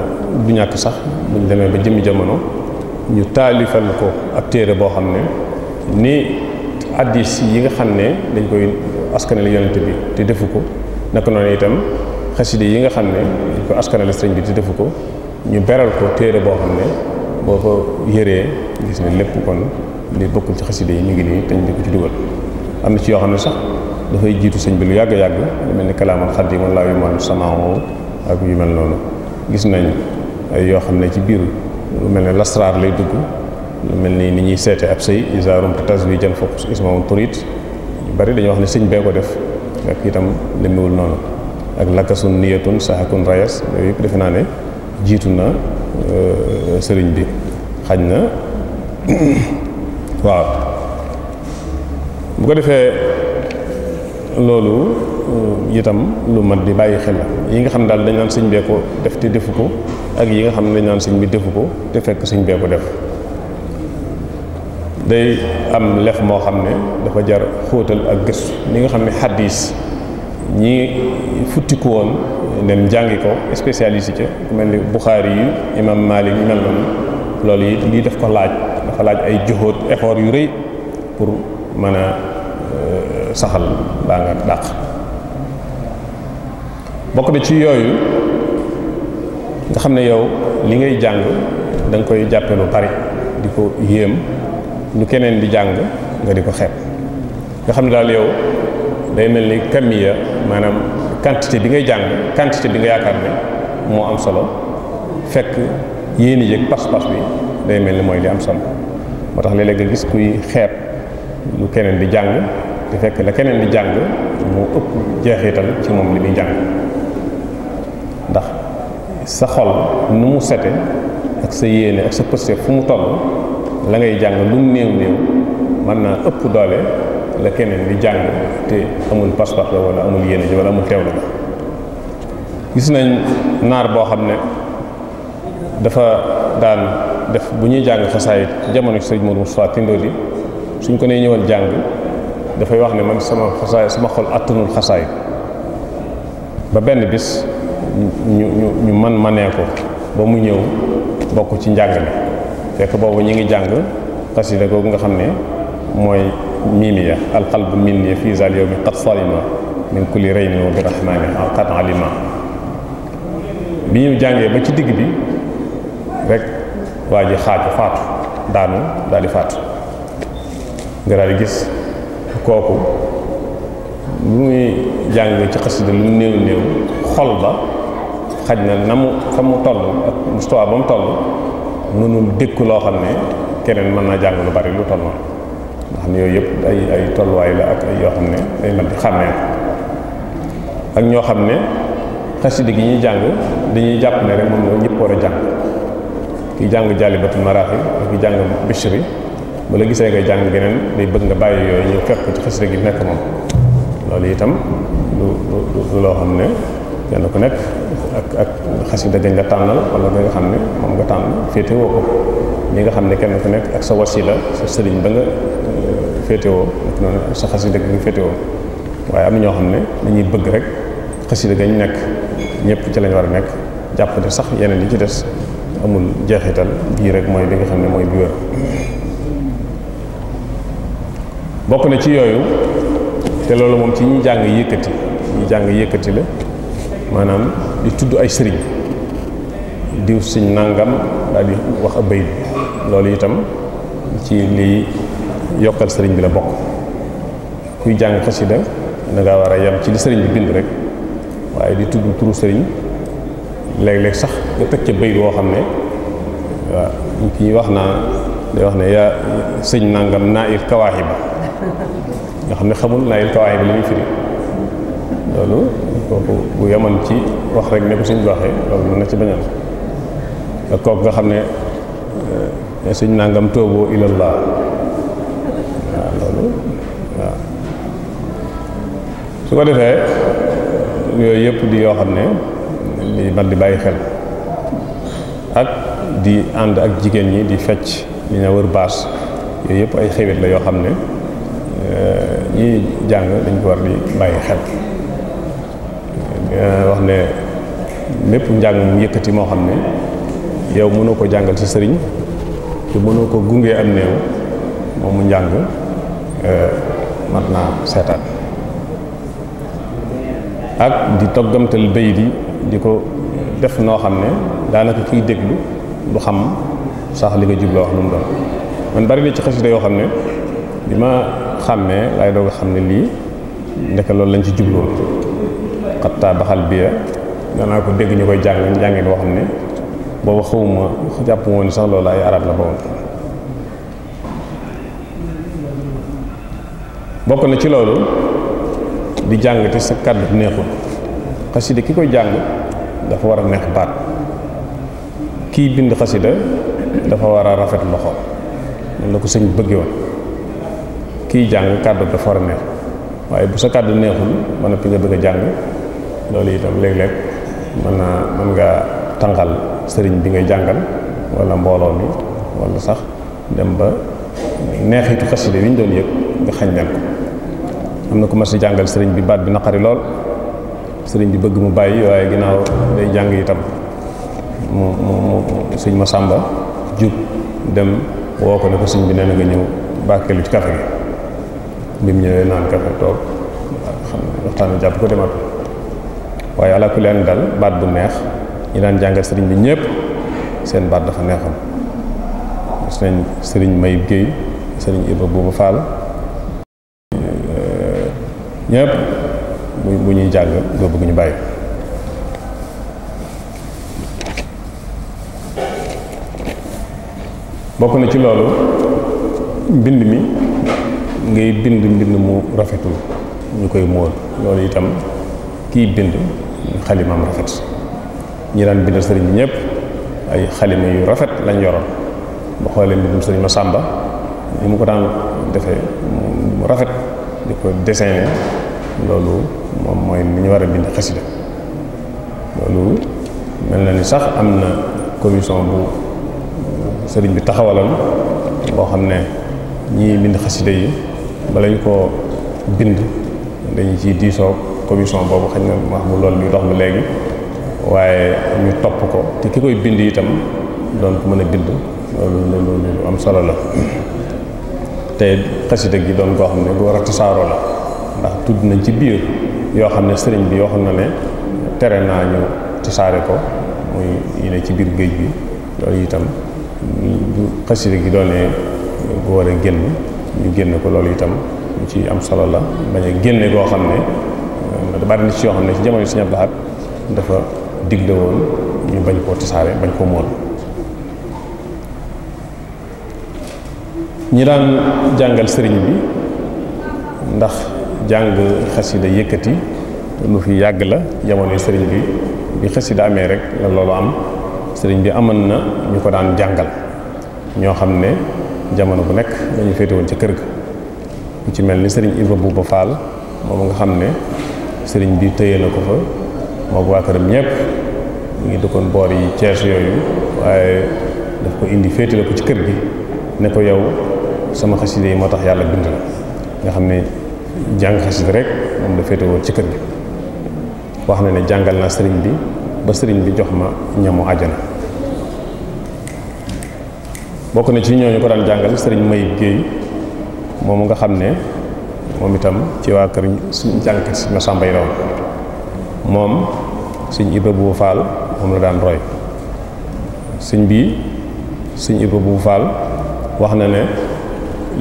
du ñàkk sax buñ demee ba jëmmi jamono ñu taalifal ko ab téere boo xam ne ni addis yi nga xam ne dañ koy askanale yonent bi te defu ko naka noonu itam xasida yi nga xam ne dañ koy askanale sëñ bi te defu ko ñu beral ko téere boo xam ne boo ko yëree gis ne lépp kon li bokkul ci xaside yi ñu ngi nii dañ di ko ci dugal am na ci yoo xam ne sax dafay jiitu sëñ bi lu yàgg yàgg lu mel ni kalaamal xaddi man laa yu man ak yu mel noonu gis nañ ay yoo xam ne ci biir lu mel ne lasraar lay dugg lu mel ni ni ñuy seete ab sëy isaarum tas bi jën fokk ismaam turit ñu bari dañoo wax ne sëñ bee ko def ak itam lëmewul noonu ak lakkasun niyatun saxakun rayas yooyu yëpp defe naa ne jiitu na euh, sëriñ bi xaj na waaw bu ko defee loolu euh, itam lu mat di bàyyi xel yi nga xam ne daal dañ naan sëñ bee ko def te defu ko ak yi nga xam ne dañ naan sëñ bi defu ko te fekk sëñ bee ko def day am lef moo xam ne dafa jar xóotal ak gëstu li nga xam ne xaddiis ñi futti ko woon dem jàngi ko spécialiste ca ku mel ni Buxaari yi imam Malik ñu mel noonu loolu it lii daf ko laaj dafa laaj ay joxóot effort yu rëy pour mën a euh, saxal baa nga dàq bokk na ci yooyu nga xam ne yow li ngay jàng da koy jàppe lu bari di ko yéem lu keneen di jàng nga di ko xeeb nga xam ne daal yow day mel ni kamiya maanaam quantité bi ngay jàng quantité bi nga yaakaar ne moo am solo fekk yéeni yëg pas-pas bi day mel ni mooy li am solo moo tax léeg-léeg nga gis kuy xeeb lu keneen bi jàng te fekk la keneen bi jàng moo ëpp jeexital ci moom li muy jàng ndax sa xol nu mu sete ak sa yéene ak sa pëste fu mu toll la ngay jàng lu mu néew néew mën naa ëpp doole la keneen di jàng te amul pas-pas la wala amul yéene ji wala amul teewlu la gis nañ naar boo xam ne dafa daan def bu ñuy jàng xasaayit jamono ci sëñ Modou Moustapha Tindodi suñ ko nee ñëwal jàng dafay wax ne man sama xasaayit sama xol attanul xasaayit ba benn bis ñu ñu ñu man manee ko ba mu ñëw bokk ci njàng mi fekk boobu ñu ngi jàng xasida googu nga xam ne mooy ميمية القلب مني في ذا اليوم قد صلم من كل رين وبرحمن قد علم بيو جانجي با سي ديغ بي ريك واجي خاج فات دانو دالي فات غرالي غيس كوكو موي جانجي سي قصيده لو نيو نيو خول با خاجنا نامو فامو تول مستوى بام تول نونو ديكو لو خامني كينن مانا جانغ لو بري لو تول nga xam ne yooyu yëpp ay ay tolluwaay la ak yoo xam ne ay mën di xàmmee ak ñoo xam ne xasida gi ñuy jàng dañuy jàpp ne rek moom la ñëpp war a jàng ki jàng jàllibatu maraaxi ak ki jàng bishri bu gisee nga jàng geneen day bëgg nga bàyyi yooyu ñu fekk ci xasida gi nekk moom loolu itam lu lu loo xam ne kenn ku nekk ak ak xasida dañ la tànnal wala ba nga xam ne moom nga tànn féetewoo ko ñi nga xam ne kenn ku nekk ak sa wasila sa sëriñ ba nga euh, féetewoo ak noonu sa xasida nga féetewoo waaye am na ñoo xam ne dañuy bëgg rek xasida gañ nekk ñëpp ci lañ war a nekk jàpp ne sax yeneen yi ci des amul jeexital bii rek mooy bi nga xam ne mooy bi wér bokk na ci yooyu te loolu moom ci jàng yëkkati jàng yëkkati la maanaam di tudd ay sëriñ diw sëñ nangam daal di wax a bayit loolu itam ci lii yokkal sëriñ bi la bokk kuy jàng xasida da ngaa war a yem ci li sëriñ bi bind rek waaye di tudd turu sëriñ léeg-léeg sax nga teg ca bayit woo xam ne waaw kii wax naa day wax ne yaa sëñ nangam naa il kawaaxiba nga xam ne xamul naa il kawaaxiba li muy firi loolu kooku bu yemoon ci wax rek ne ko suñ waxee loolu mën na ci bañal ak kooku nga xam ne eh, suñ nangam tooboo ilallah waaw loolu waaw su ko defee yooyu yëpp di yoo xam ne li man di bàyyi xel ak di ànd ak jigéen ñi di fecc li nga wër baas yooyu yëpp ay xewet la yoo xam ne eh, ñi jàng dañ ko war di bàyyi xel Euh, wax ne mépp njàng mu yëkkati moo xam ne yow mënoo ko jàngal sa sëriñ te mënoo ko gungee am néew moom mu njàng euh, mat seetaan ak di toggamtal bay di di ko def noo xam ne daanaka kiy déglu du xam sax li nga jubla wax lu mu doon man bari na ci xasida yoo xam ne bi ma xàmmee laay doog a xam ne lii ndeke loolu lañ ci jubloon xattaa baxal biya danaa ko dégg ñu koy jàng njàngin boo xam ne booba xawma jàpp woon sax loolu ay arab la ba woon bokk na ci loolu di jàng te sa kàddu neexul xasida ki koy jàng dafa war a neex baat kiy bind xasida dafa war a rafet loxo noonu la ko sëñ bëgge woon kiy jàng kàddu dafa war a neex waaye bu sa kàddu neexul ba noppi nga bëgg a jàng loolu itam léeg-léeg mën na mën nga tànqal sëriñ bi ngay jàngal wala mbooloo mi wala sax dem ba neexitu xasida yi ñu doon yëg nga xañ leen ko am na ku mas di jàngal sëriñ bi baat bi naqari lool sëriñ bi bëgg mu bàyyi waaye ginnaaw day jàng itam mu mu mu sëñ ma sàmba jub dem woo ko ne ko sëñ bi nee na nga ñëw bàkkeelu ci kafe gi bi mu ñëwee naan kafe toog xam waxtaan jàpp ko demat waaye ala leen dal baat bu neex ñi daan jàngal sëriñ bi ñëpp seen baat dafa neexoon gis nañ sëriñ Mayib Guèye sëriñ Ibra Bouba Fall euh, ñëpp bu ñuy jàng doo bëgg ñu bàyyi bokk na ci loolu mbind mi ngay bind mbind mu rafetul ñu koy móol loolu itam kiy bind khalimam rafet ñi daan bindal sëriñ bi ay xalima yu rafet lañ yoroon ba xoolee mbindum sëriñ ma sàmba ni mu ko daan defee mu rafet di ko dessiné loolu moom mooy ni ñu war a bind xasida loolu mel na ni sax am commission bu sëriñ bi taxawaloon boo xam ne ñii bind xasida yi bala ñu bind dañ ci diisoog commission boobu xëy na wax mu loolu ñu dox ma léegi waaye ñu topp ko te ki koy bind itam doon ko mën a bind loolu loolu lu am solo la te xasida gi doon koo xam ne gu war a tasaaroo la ndax tudd nañ ci yoo xam ne sëriñ bi waxoon na ne tere naa ñu tasaare ko muy yi ne ci biir géej bi loolu itam bu gi doonee gu war a génn ñu génn ko loolu itam ci am solo la bañ a génne koo xam ne te bari na ci yoo xam ne ci jamono suñu ablaat dafa digle woon ñu bañ koo tasaare bañ ko mool ñi daan jàngal sëriñ bi ndax jàng xasida yëkkati lu fi yàgg la jamono sëriñ bi bi xasida amee rek la loolu am sëriñ bi amoon na ñu ko daan jàngal ñoo xam jamono bu nekk dañu féete woon ca kër ga ci mel ni sëriñ Ibra Buuba Faal nga xam sëriñ bi tëye na ko fa moog waa këram ñëpp ngi dëkkoon bor yi ciers yoyu waye daf ko indi la ko ci kër gi ne ko yow sama xasida yi moo tax yàlla bind la nga xam jang jàng rek mom da féete wo ci kër gi wax na ne jangal na sëriñ bi ba sëriñ bi jox ma ñamu àjjana bokku na ci ñoo ñu ko daan jangal sëriñ may geey moom nga xam moom itam ci waa kër suñ jànk si Masamba yi doon moom suñ Ibra Buubu Faal moom la daan roy suñ bii suñ Ibra Buubu Faal wax na ne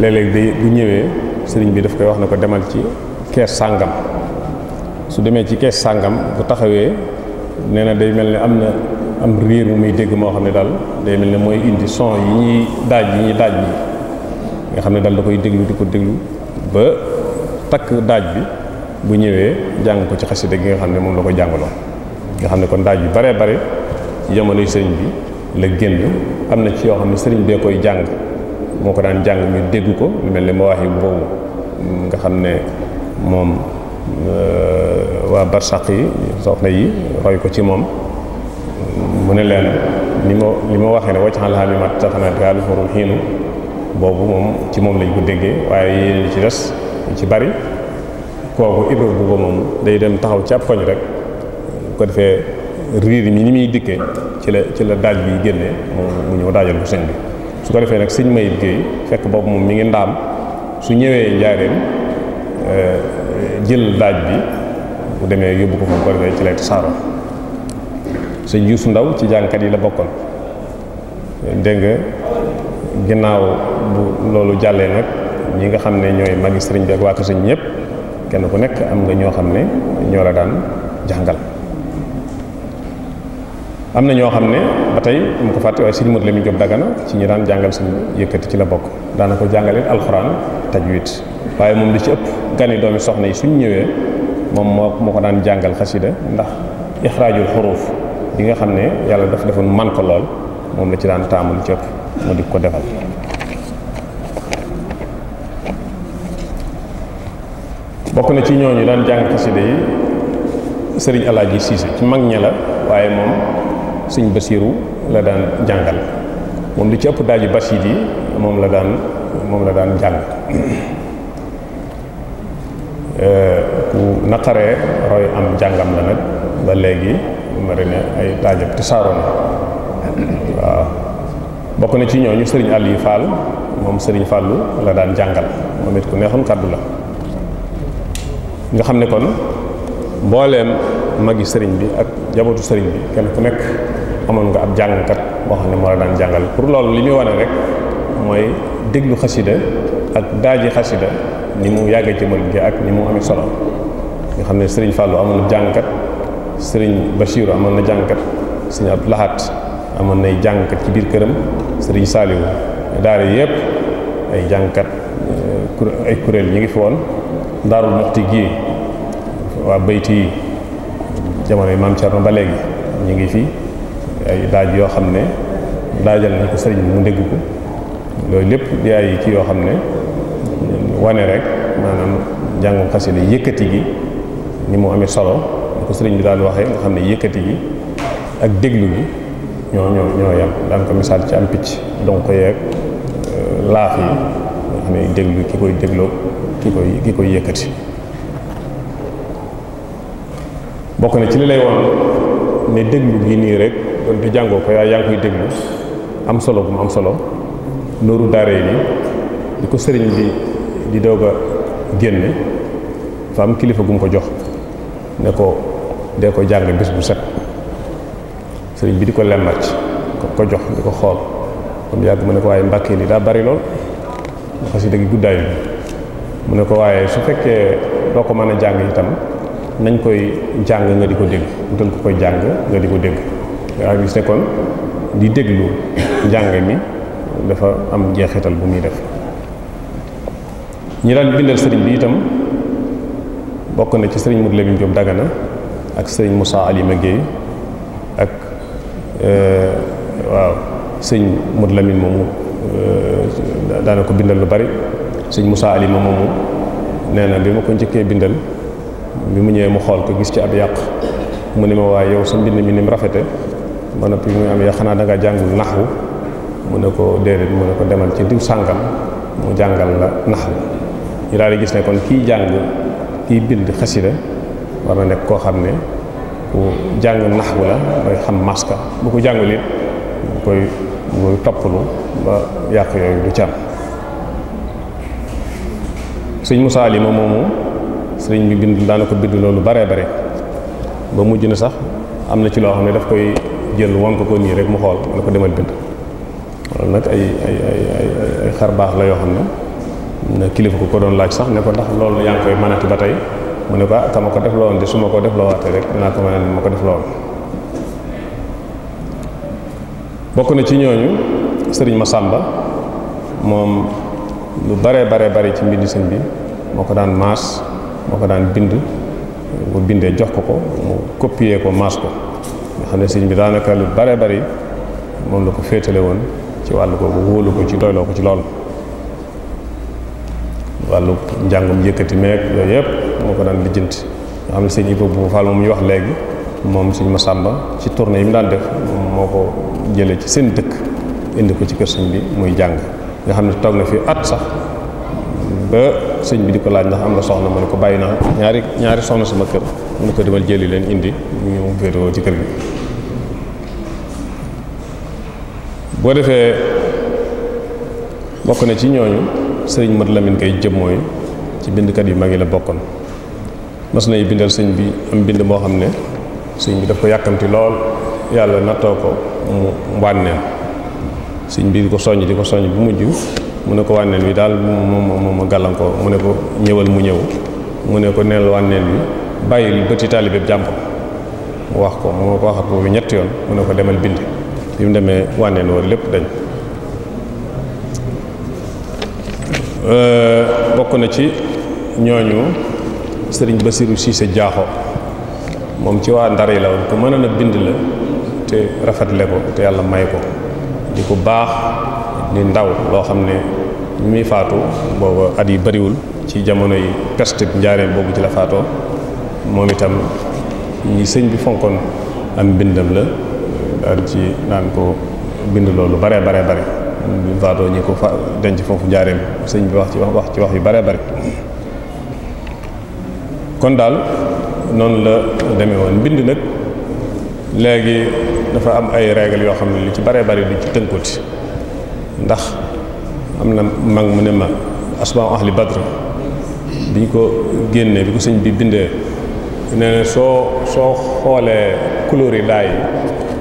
léeg-léeg day bu ñëwee sëriñ bi daf koy wax na ko demal ci kees sàngam su demee ci kees sàngam bu taxawee nee na day mel ne am na am riir bu muy dégg moo xam ne daal day mel ne mooy indi son yi ñuy daaj yi ñuy daaj yi nga xam ne daal da koy déglu di ko déglu ba takk daaj bi bu ñëwee jàng ko ci xasida dëgg nga xam ne moom la ko jàngaloo nga xam ne kon daaj bi baree bare jamonoy sëriñ bi la génn am na ci yoo xam ne sëriñ bee koy jàng moo ko daan jàng ñu dégg ko mel ni mel ne Mawaahibu boobu nga xam ne moom euh, waa barsàq yi soxna yi roy ko ci moom mu ne leen ni ma li ma waxee ne wacc xam laa mi mat taxanaat gaal xurul xiinu boobu moom ci moom lañ ko déggee waaye yéen ci des ci bari kooku ibra buuba moom day dem taxaw ci koñ rek ko defee riir mi ni muy dikke ci la ci la daaj bi génne moom mu ñëw daajal ko sëñ bi su ko defee nag sëñ Mayib Géey fekk boobu moom mi ngi ndaam su ñëwee njaareem euh, jël daaj bi bu demee yóbbu ko fa ko defee ci lay tasaaroo sëñ Yuusu Ndaw ci jàngkat yi la bokkoon dégg nga ginnaaw bu loolu jàllee nag ñi nga xam ne ñooy magi sëriñ bi ak waa kër kenn ku nekk am nga ñoo xam ne ñoo la daan am na ñoo batay mu ko Modou Lamine dagana ci ñi daan jàngal suñu yëkkati ci la bokk daana ko jàngaleen alxuraan tajwid waaye moom li ci ëpp gani doomi soxna yi suñ ñëwee moom moo moo ko daan jàngal xasida ndax ixraajul xuruuf yi nga xam ne daf man ko lool moom la ci daan taamu ci ëpp mu di ko defal bokk na ci ñooñu daan jàng xasida yi sëriñ Alaaji Siise ci mag ña la waaye moom sëñ Basiiru la daan jàngal moom li ci ëpp daaju basit yi moom la daan moom la daan jàng eh, ku naqaree roy am jàngam la nag ba léegi mari ne ay daajab tisaaroon waaw bokk na ci ñoo ñu sëriñ Aliou Fall moom sëriñ Fàllu la daan jàngal moom it ku neexoon kàddu la nga xam ne kon mbooleem magi sëriñ bi ak jabootu sëriñ bi kenn ku nekk amoon nga ab jàngkat boo xam ne moo la daan jàngal pour loolu li muy wane rek mooy déglu xasida ak daaji xasida ni mu yàggee jëmal murid ak ni mu amee solo nga xam ne sëriñ Fallou amoon na jàngkat sëriñ Bachirou amoon na jàngkat sëriñ ab laxaat amoon nay jàngkat ci biir këram sëriñ Saliou daara yëpp ay jàngkat euh, ay kuréel ñi ngi fi woon daarul moxti gii waa bayti yi jamono yi maam Cerno ba léegi ñu ngi fi ay daaj yoo xam ne daajal nañ ko sëriñ mu dégg ko loolu lépp di ay ci yoo xam ne wane rek maanaam jàngum xasida yëkkati gi ni mu amee solo ni ko sëriñ bi daan waxee nga xam ne yëkkati gi ak déglu gi ñoo ñoo ñoo yem daan ko misaal ci am picc donc ko yeeg euh, laaf yi nga xam ne déglu ki koy dégloo ki koy ki koy yëkkati bokk na ci li lay won ne déglu gi nii rek donte jàngoo ko yaa yaa ngi koy déglu am solo bu mu am solo nooru daaree ni di ko sëriñ bi di doog a génne fa am kilifa gum ko jox ne ko dee ko jàng bis bu set sëriñ bi di ko lemmat ko jox di ko xool comme yàgg ma ne ko waaye mbàkkee li daa bari lool xasida gi guddaayu mu ne ko waaye su fekkee doo ko mën a jàng itam nañ koy jàng nga di ko dégg utal ko koy jàng nga di ko dégg nga gis ne kon di déglu njàng mi dafa am jeexital bu muy def ñi daan bindal sëriñ bi itam bokk na ci sëriñ Modou Lamine Diop Dagana ak sëriñ Moussa Alima Guèye ak euh, waaw sëriñ Modou Lamine moomu euh, daana ko bindal lu bari seigne Moussa ali moomu neena bima ko njëkkee bindal bi mu ñëwee mu xol ko gis ci ab yaq mu ne ma wa yow sa bind mi nim rafété man ak ne muy am yaa da nga jangul nahwu mu ne ko dédé mu ne ko demal ci diw sangam mu jangal la nahwu ñu daal gis ne kon ki jang ki bind khassida war na nek ko xamné ku la xam maska bu ko jangulit koy koy toppalu ba yaq du ci serigne Moussa Lima moomu serigne bi bind daana ko bind loolu bare bare ba mujj na sax am na ci lo xamne daf koy jël won ko ko ni rek mu xol na demal bind lolu nak ay ay ay ay xar bax la yo xamne na kilifa ko ko don laaj sax ne ko ndax lolu yang koy manati batay mu ne ko tama ah, ko def won de suma ko def waté rek na ko mën mako ko def loon bokku na ci ñooñu serigne Masamba mom. lu bare bare bare ci mbindu sëñ bi moo ko daan maas moo ko daan bind mu bindee jox ko ko mu copier ko maas ko nga xam ne sëñ bi daanaka lu bare bari moom la ko féetale woon ci wàllu googu wóolu ko ci doyloo ko ci lool wàllu njàngum yëkkati meeg yëpp moo ko daan lijjanti nga sëñ Ibou bu Fall moom ñu wax léegi moom sëñ Masamba ci tournée yi mu daan def moo ko jëlee ci seen dëkk indi ko ci kër sëñ bi muy jàng nga xam ne toog na fii at sax ba sëñ bi di ko laaj ndax am na soxna mu ne ko bàyyi na ñaari ñaari soxna sama kër mu ne ko demal jëli leen indi mu ñu féetewoo ci kër gi boo defee bokk na ci ñooñu sëñ Mat Lamin Gay jëm mooy ci bindkat yu mag yi la bokkoon mas nañu bindal sëñ bi am bind moo xam ne sëñ bi daf ko yàkkamti lool yàlla nattoo ko mu wànneen sëñ biir di ko soññ di ko soññ bu mujj mu ne ko wànneen wi daal moom moom ma gàllankoor mu ne ko ñëwal mu ñëw mu ne ko neel wànneen wi bàyyil bëti taalibe bi jàmb mu wax ko mu ko waxat boobu ñetti yoon mu ne ko demal bind bi mu demee wànneen woon lépp dañ euh, bokk na ci ñooñu sëriñ Basiru Siise Jaaxo moom ci waa Ndar yi la woon ku mënoon a bind la te rafetle ko te yàlla may ko di ku baax di ndaw loo xam ne ñu muy faatu boobu at yi bariwul ci jamono yi peste njaareen boobu ci la faatoo moom itam ñi sëñ bi fonkoon am bindam la daal ci naan ko bind loolu bare bare bare bi faatoo ñi ko fa denc foofu njaareem sëñ bi wax ci wax wax ci wax yu bare bare kon daal noonu la demee woon mbind nag léegi dafa am ay règle yoo xam ne li ci bare bari duñ ci tënkuti ndax am na mag mu ne ma asmaa ahli badr bi ñu ko génnee bi ko sëñ bi bindee nee na soo soo xoolee couleur yi daay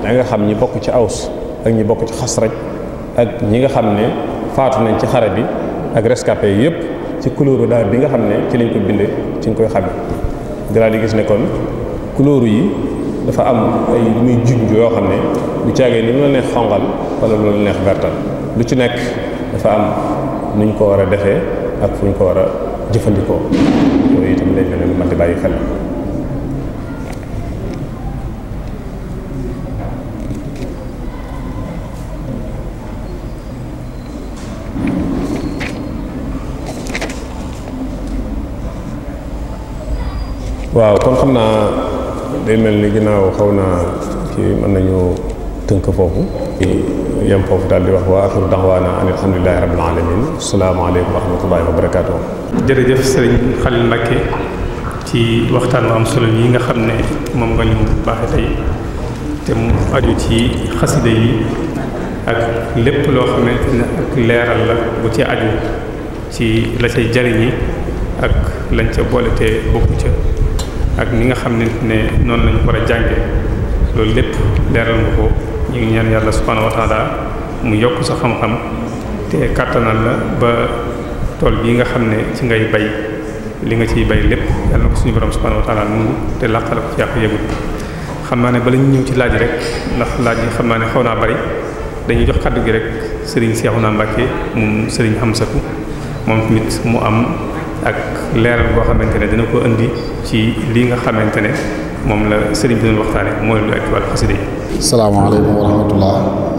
da nga xam ñi bokk ci aws ak ñi bokk ci xasraj ak ñi nga xam ne faatu nañ ci xare bi ak rescapé yëpp ci couleur daay bi nga xam ne ci lañ ko bindee ci nga koy xamee. dalaa di gis ne kon yi. dafa am ay lu muy junj yoo xam ne bu caagee lu mu la neex xongal wala lu la neex vertal lu ci nekk dafa am nuñ ko war a defee ak fuñ ko war a jëfandikoo yooyu itam day waaw kon xam naa day mel ni ginnaaw xaw naa kii mën nañu tënk foofu yem foofu daal di wax wa akhiru daxwaana an alhamdulilahi rabbil alamin asalaamaaleykum wa rahmatullahi wa barakaatu jërëjëf sëriñ Xalil Mbakke ci waxtaan wu am solo yi nga xam ne moom nga ñu baaxe tey te mu aju ci xasida yi ak lépp loo xamante ne ak leeral la bu ci aju ci la cay jariñi ak lañ ca boole bokku ca ak ni nga xam ne ne noonu lañu war a jànge loolu lépp leeral nga ko ñu ngi ñaan yàlla subhaanahu wa mu yokk sa xam-xam te kàttanal la ba tool bii nga xam ne ci ngay bay li nga ciy bay lépp yàlla na ko suñu borom subhaanahu wa taala te làqal ko ci yàqu yëgul xam naa ne bala ñu ñëw ci laaj rek ndax laaj yi xam naa ne xaw naa bari dañuy jox kàddu gi rek sëriñ Seexuna Mbàkke moom sëriñ Hamsatu moom tamit mu am ak leral bo xamantene dina ko andi ci li nga xamantene mom la serigne bi doon waxtaane mooy lu ak wal xasida yi alaykum wa rahmatullah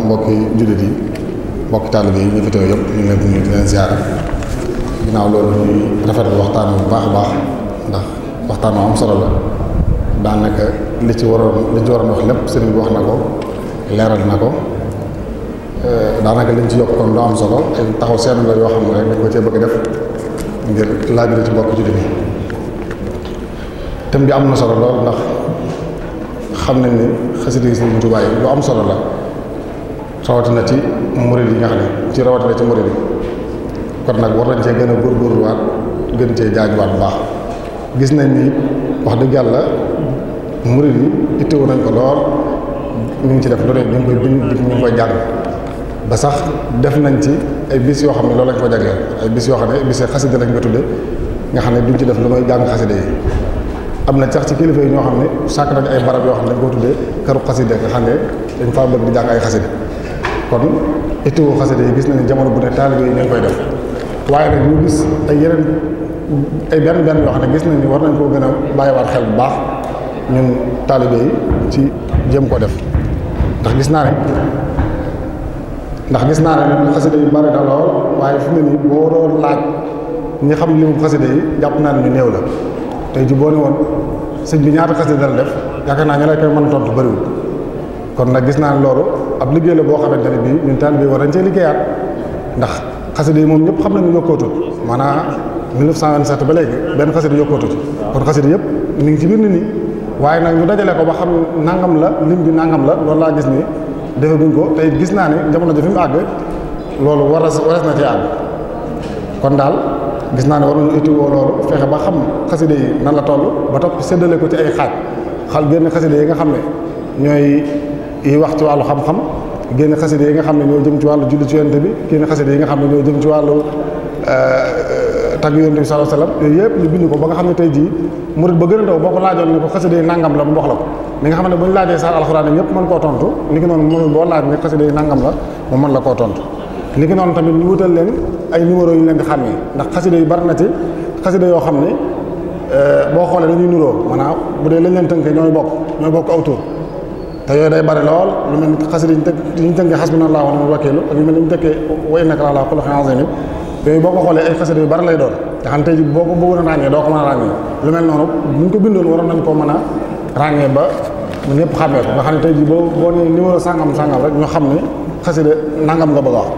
mbokki jullit yi mbokki taalibe yi ñu fi teew yëpp ñu ngi leen di nuyu di leen ziar ginaaw loolu ñu rafet waxtane bu baax baax ndax waxtane am solo la da naka li ci waro li ci waro wax lépp serigne bi wax nako leral nako na ko daanaka liñ ci yokk kon do am solo taxaw seen la yo xam rek dañ ko ci bëgg def ngir laaj la ci bokk jullit yi thème bi am na solo lool ndax xam nañ ni xasida yi Sëriñ Tuubaa yi lu am solo la rawatina ci murid yi ñax xam ne ci rawatina ci murid yi kon nag war nañ cee gën a góorgóorluwaat gën cee jaajuwaat bu baax gis nañ ni wax dëgg yàlla murid yi itteewu nañ ko lool ñu ngi ci def lu ne ñu ngi koy bind ñu ngi ba sax def nañ ci ay bis yoo xam ne loolu lañ ko jagleel ay bis yoo xam ne bis xasida lañ ko tudde nga xam ne duñ ci def lu may jàng xasida yi am na sax ci kilifa yi ñoo xam ne sàkk nañ ay barab yoo xam ne dañ ko tuddee këru xasida nga xam ne dañ faa bëgg di jàng ay xasida kon ittiwoo xasida yi gis nañ jamono bu ne taalibe yi ñu koy def waaye nag ñu gis ay yeneen ay benn benn yoo xam ne gis nañ war nañ koo gën a bàyyiwaat xel bu baax ñun taalibe yi ci jëm ko def ndax gis naa ne ndax gis naa ne xasida yu bari na lool waaye fu mu ne nii boo doon laaj ñi xam li mu xasida yi jàpp naa ne ñu néew la te ji boo ne woon sëñ bi ñaata xasida la def yaakaar naa ñu lay koy mën a tontu bëriwul kon nag gis naa ne loolu ab liggéey la boo xamante ne bii ñun taalibe bi war nañ cee liggéeyaat ndax xasida yi moom ñëpp xam nañu yokkootul maanaam 1927 ba léegi benn xasida yokkootul kon xasida yëpp mi ngi ci biir nit ñi waaye nag ñu dajale ko ba xam nangam la lim bi nangam la loolu laa gis ni defaguñ ko tey gis naa ne jamono ji fi mu àgg loolu waras waras na ci àgg kon daal gis naa ne war nañu utiwoo loolu fexe ba xam xaside yi nan la toll ba topp séddale ko ci ay xaaj xal génn xaside yi nga xam ne ñooy yi wax ci wàllu xam-xam génn xaside yi nga xam ne ñoo jëm ci wàllu julli ci yonent bi génn xaside yi nga xam ne ñoo jëm ci wàllu euh, tagg yonent bi sallallahu yooyu yëpp ñu bind ko ba nga xam ne tey jii murid ba gën a ndaw boo ko laajoon ne ko xasida yi nangam la mu wax la ko mi nga xam ne bu ñu laajee saar alxuraan ñëpp mën koo tontu ni ki noonu moom boo laaj ne xasida yi nangam la mu mën la koo tontu ni ki noonu tamit ñu wutal leen ay numéro yu leen di xàmmee ndax xasida yu bari na ci xasida yoo xam ne euh, boo xoolee dañuy nuroo maanaam bu dee lañ leen tënkee ñooy bokk ñooy bokk aw tur te yooyu lool lu mel ni xasida yi ñu tënk yi ñu tënkee xasbunallahu wa yooyu boo ko xoolee ay xasida yu bari lay doon nga xam tey boo ko bëggoon a ràññee doo ko mën a ràññee lu mel noonu a ràññee ba ñëpp xamee ko nga xam ne tey ji boo boo nee numéro sangam sangam rek ñu xam ni xasida nangam nga bëgg a wax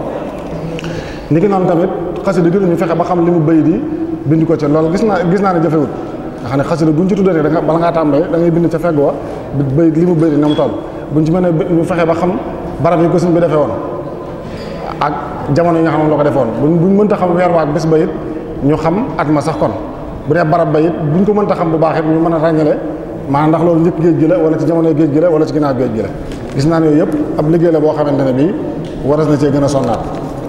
ni ki noonu tamit xasida gi ñu fexe ba xam li mu bëy di bind ko ci loolu gis naa gis naa ne jafewut nga xam ne xasida buñ ci tuddatee da nga bala ngaa tàmbalee da ngay bind ca fegg wa bëy li mu bëy di na mu toll buñ ci mën a ñu fexe ba xam barab yi ko suñ bi defee woon jamono yi nga xam ne ko defoon buñ buñ mënta xam wër waak bës bayit ñu xam at ma sax kon bu ne barab bayit buñ ko mënta xam bu baax ñu mëna rañalé ma ndax loolu ñepp geej gi la wala ci jamono geej gi la wala ci ginnaaw geej gi la gis naan yoy yëpp ab liggéey la bo xamantene bi waras na ci gëna a sonnaat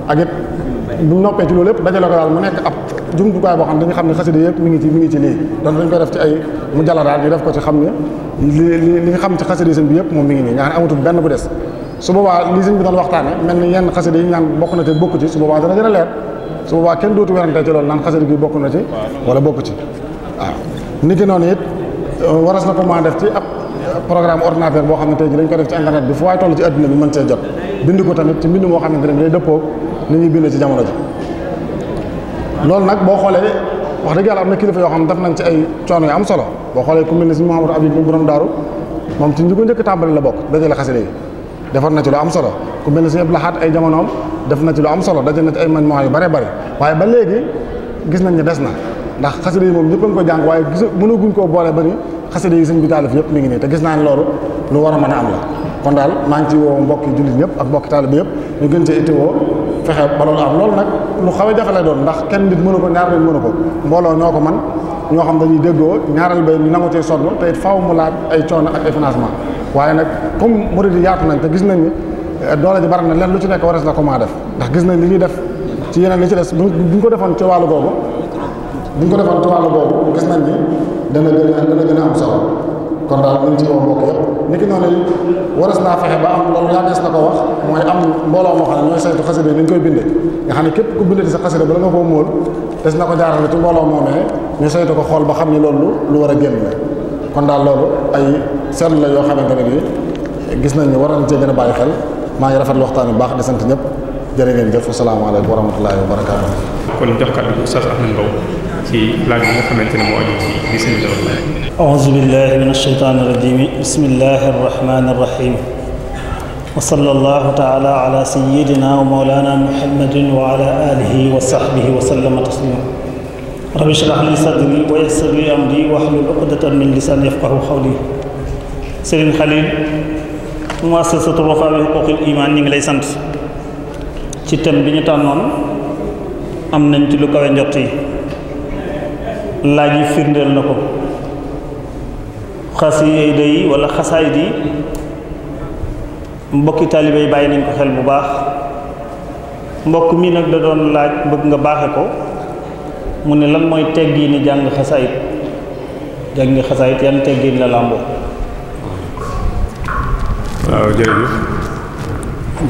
ak it bu noppé ci loolu yëpp dajalo ko dal mu nekk ab jumtukaay bo xam dañu xam ne xassida yëpp mi ngi ci mi ngi ci li donc dañ ko def ci ay mu jala daal ñu def ko ci xam ne li li nga xam ci xassida seen bi yëpp moom mi ngi ni ñaan amatu benn bu dess su boobaa li sëñ bi doon waxtaane mel ni yenn xasida yi naan bokk na ci bokku ci su boobaa dana gën a leer su boobaa kenn dootu werante ci loolu bokk na wala bokku ci ni ki noonu it euh, waras na ko mën a def ci ab programme ordinateur boo xam ne dañ ko def ci internet bi fu waay toll ci adduna bi mën see jot bind ko tamit ci mbind moo xamante ne ñuy bind ci jamono ji loolu nag boo xoolee wax dëgg yàlla am na kilifa yoo xam ne def nañ ci ay coono yu am solo boo xoolee ku mel ne si Mouhamadou Abib bu borom daaru moom ci njëkk tàmbali la bokk dajale xasida yi defar na ci lu am solo ku mel ne Sëñ Abdou ay jamonoom def na ci lu am solo daje na ci ay man moo yu bare bare waaye ba léegi gis nañ ne des na ndax xasida yi moom ñëpp a ngi ko jàng waaye gis mënaguñ koo boole ba ni xasida yi sëñ bi taalif yëpp mi ngi nii te gis naa ne loolu lu war a mën a am la kon daal maa ngi ci woo mbokki jullit ñëpp ak mbokki taalib yëpp ñu gën cee ittiwoo fexe ba loolu am loolu nag lu xaw a jaxale doon ndax kenn nit mënu ko ñaar nit ko mbooloo ñoo ko man ñoo xam dañuy déggoo ñaaral bay ñu nangu cee sonn te it faaw mu laaj ay coono ak ay waaye nag comme murid yi yaatu nañ te gis nañ ni eh, doole ji bari na leen lu ci nekk warees na ko maa def ndax gis nañ li ñuy def ci yeneen li ci des buñ ko defoon ci wàllu googu buñ ko defoon ci wàllu googu gis nañ ni dana gën a dana gën a am solo kon daal nañ ci woo mbokk yëpp naa ba am loolu yaa mooy am mbooloo moo xam ne ñooy saytu xasida ni ñu koy bindee xam ne képp ku bindati sa xasida bala nga koo móol des na ko jaarale ci mbooloo moomee ñu saytu ko xool ba xam ni loolu lu war a génn la kon daal lolu ay sel la yo xamantene bi gis nañu waran ci gëna baye xel ma ngi rafetlu waxtaan bu baax de sant ñep jërë ngeen jëf alaykum wa rahmatullahi wa barakaatu. kon jox kàddu gi Oustaz Ahmed Mbow ci laaj bi nga xamantene mo aju ci di seen minash shaitani بالله bismillahir rahmanir rahim wa sallallahu ta'ala ala sayyidina wa maulana muhammadin wa ala alihi wa sahbihi wa وسلم taslima رب اشرح لي صدري ويسر لي امري واحلل عقدة من لساني يفقهوا قولي سيرين خليل مؤسسة الوفاء بحقوق الإيمان نيغ لاي سانت سي تيم بي ني تانون ام نان تي لو كاوي نيوتي لاجي فيرندل نكو خاسي اي ولا خساي دي مبوكي طالبي باي نين كو خيل بو باخ مبوك مي نك دا دون لاج بوك نغا باخه كو mune lan moy teggi ni jàng jang jàng xasaayit yan teggi la lambo waaw jërëjëf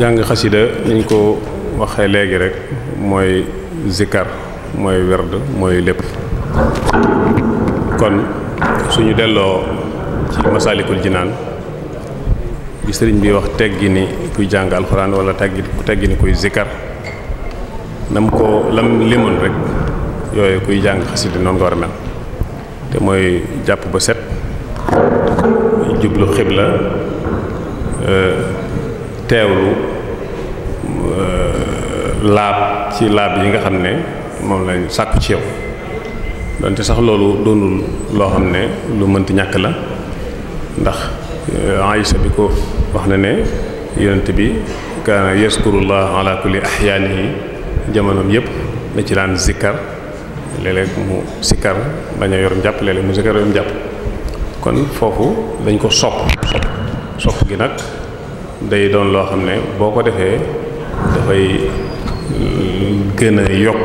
jang khasida niñ ko waxe legi rek moy zikar moy werd moy lepp kon suñu delloo ci masalikul jinan bi serign bi wax teggi ni kuy jang alxuraan wala teggi teggi ni kuy zikar nam ko lam limon rek yooyu kuy jàng xasida noonu nga war mel te mooy jàpp ba set jublu xibla euh, teewlu euh, laab ci laab yi nga xam ne moom lañ sàkku ci yow donte sax loolu doonul loo xam ne lu mënti ñàkk la ndax euh, Aysa bi ko wax na ne yonent bi kaana yaskurullah ala kulli ahyaanihi jamonoom yëpp da ci daan zikkar léeg mu sikar baña yor yorum jàpp mu sikar yorum kon fofu dañ ko sop sop gi nak day doon lo xam boko boo da fay gëna yok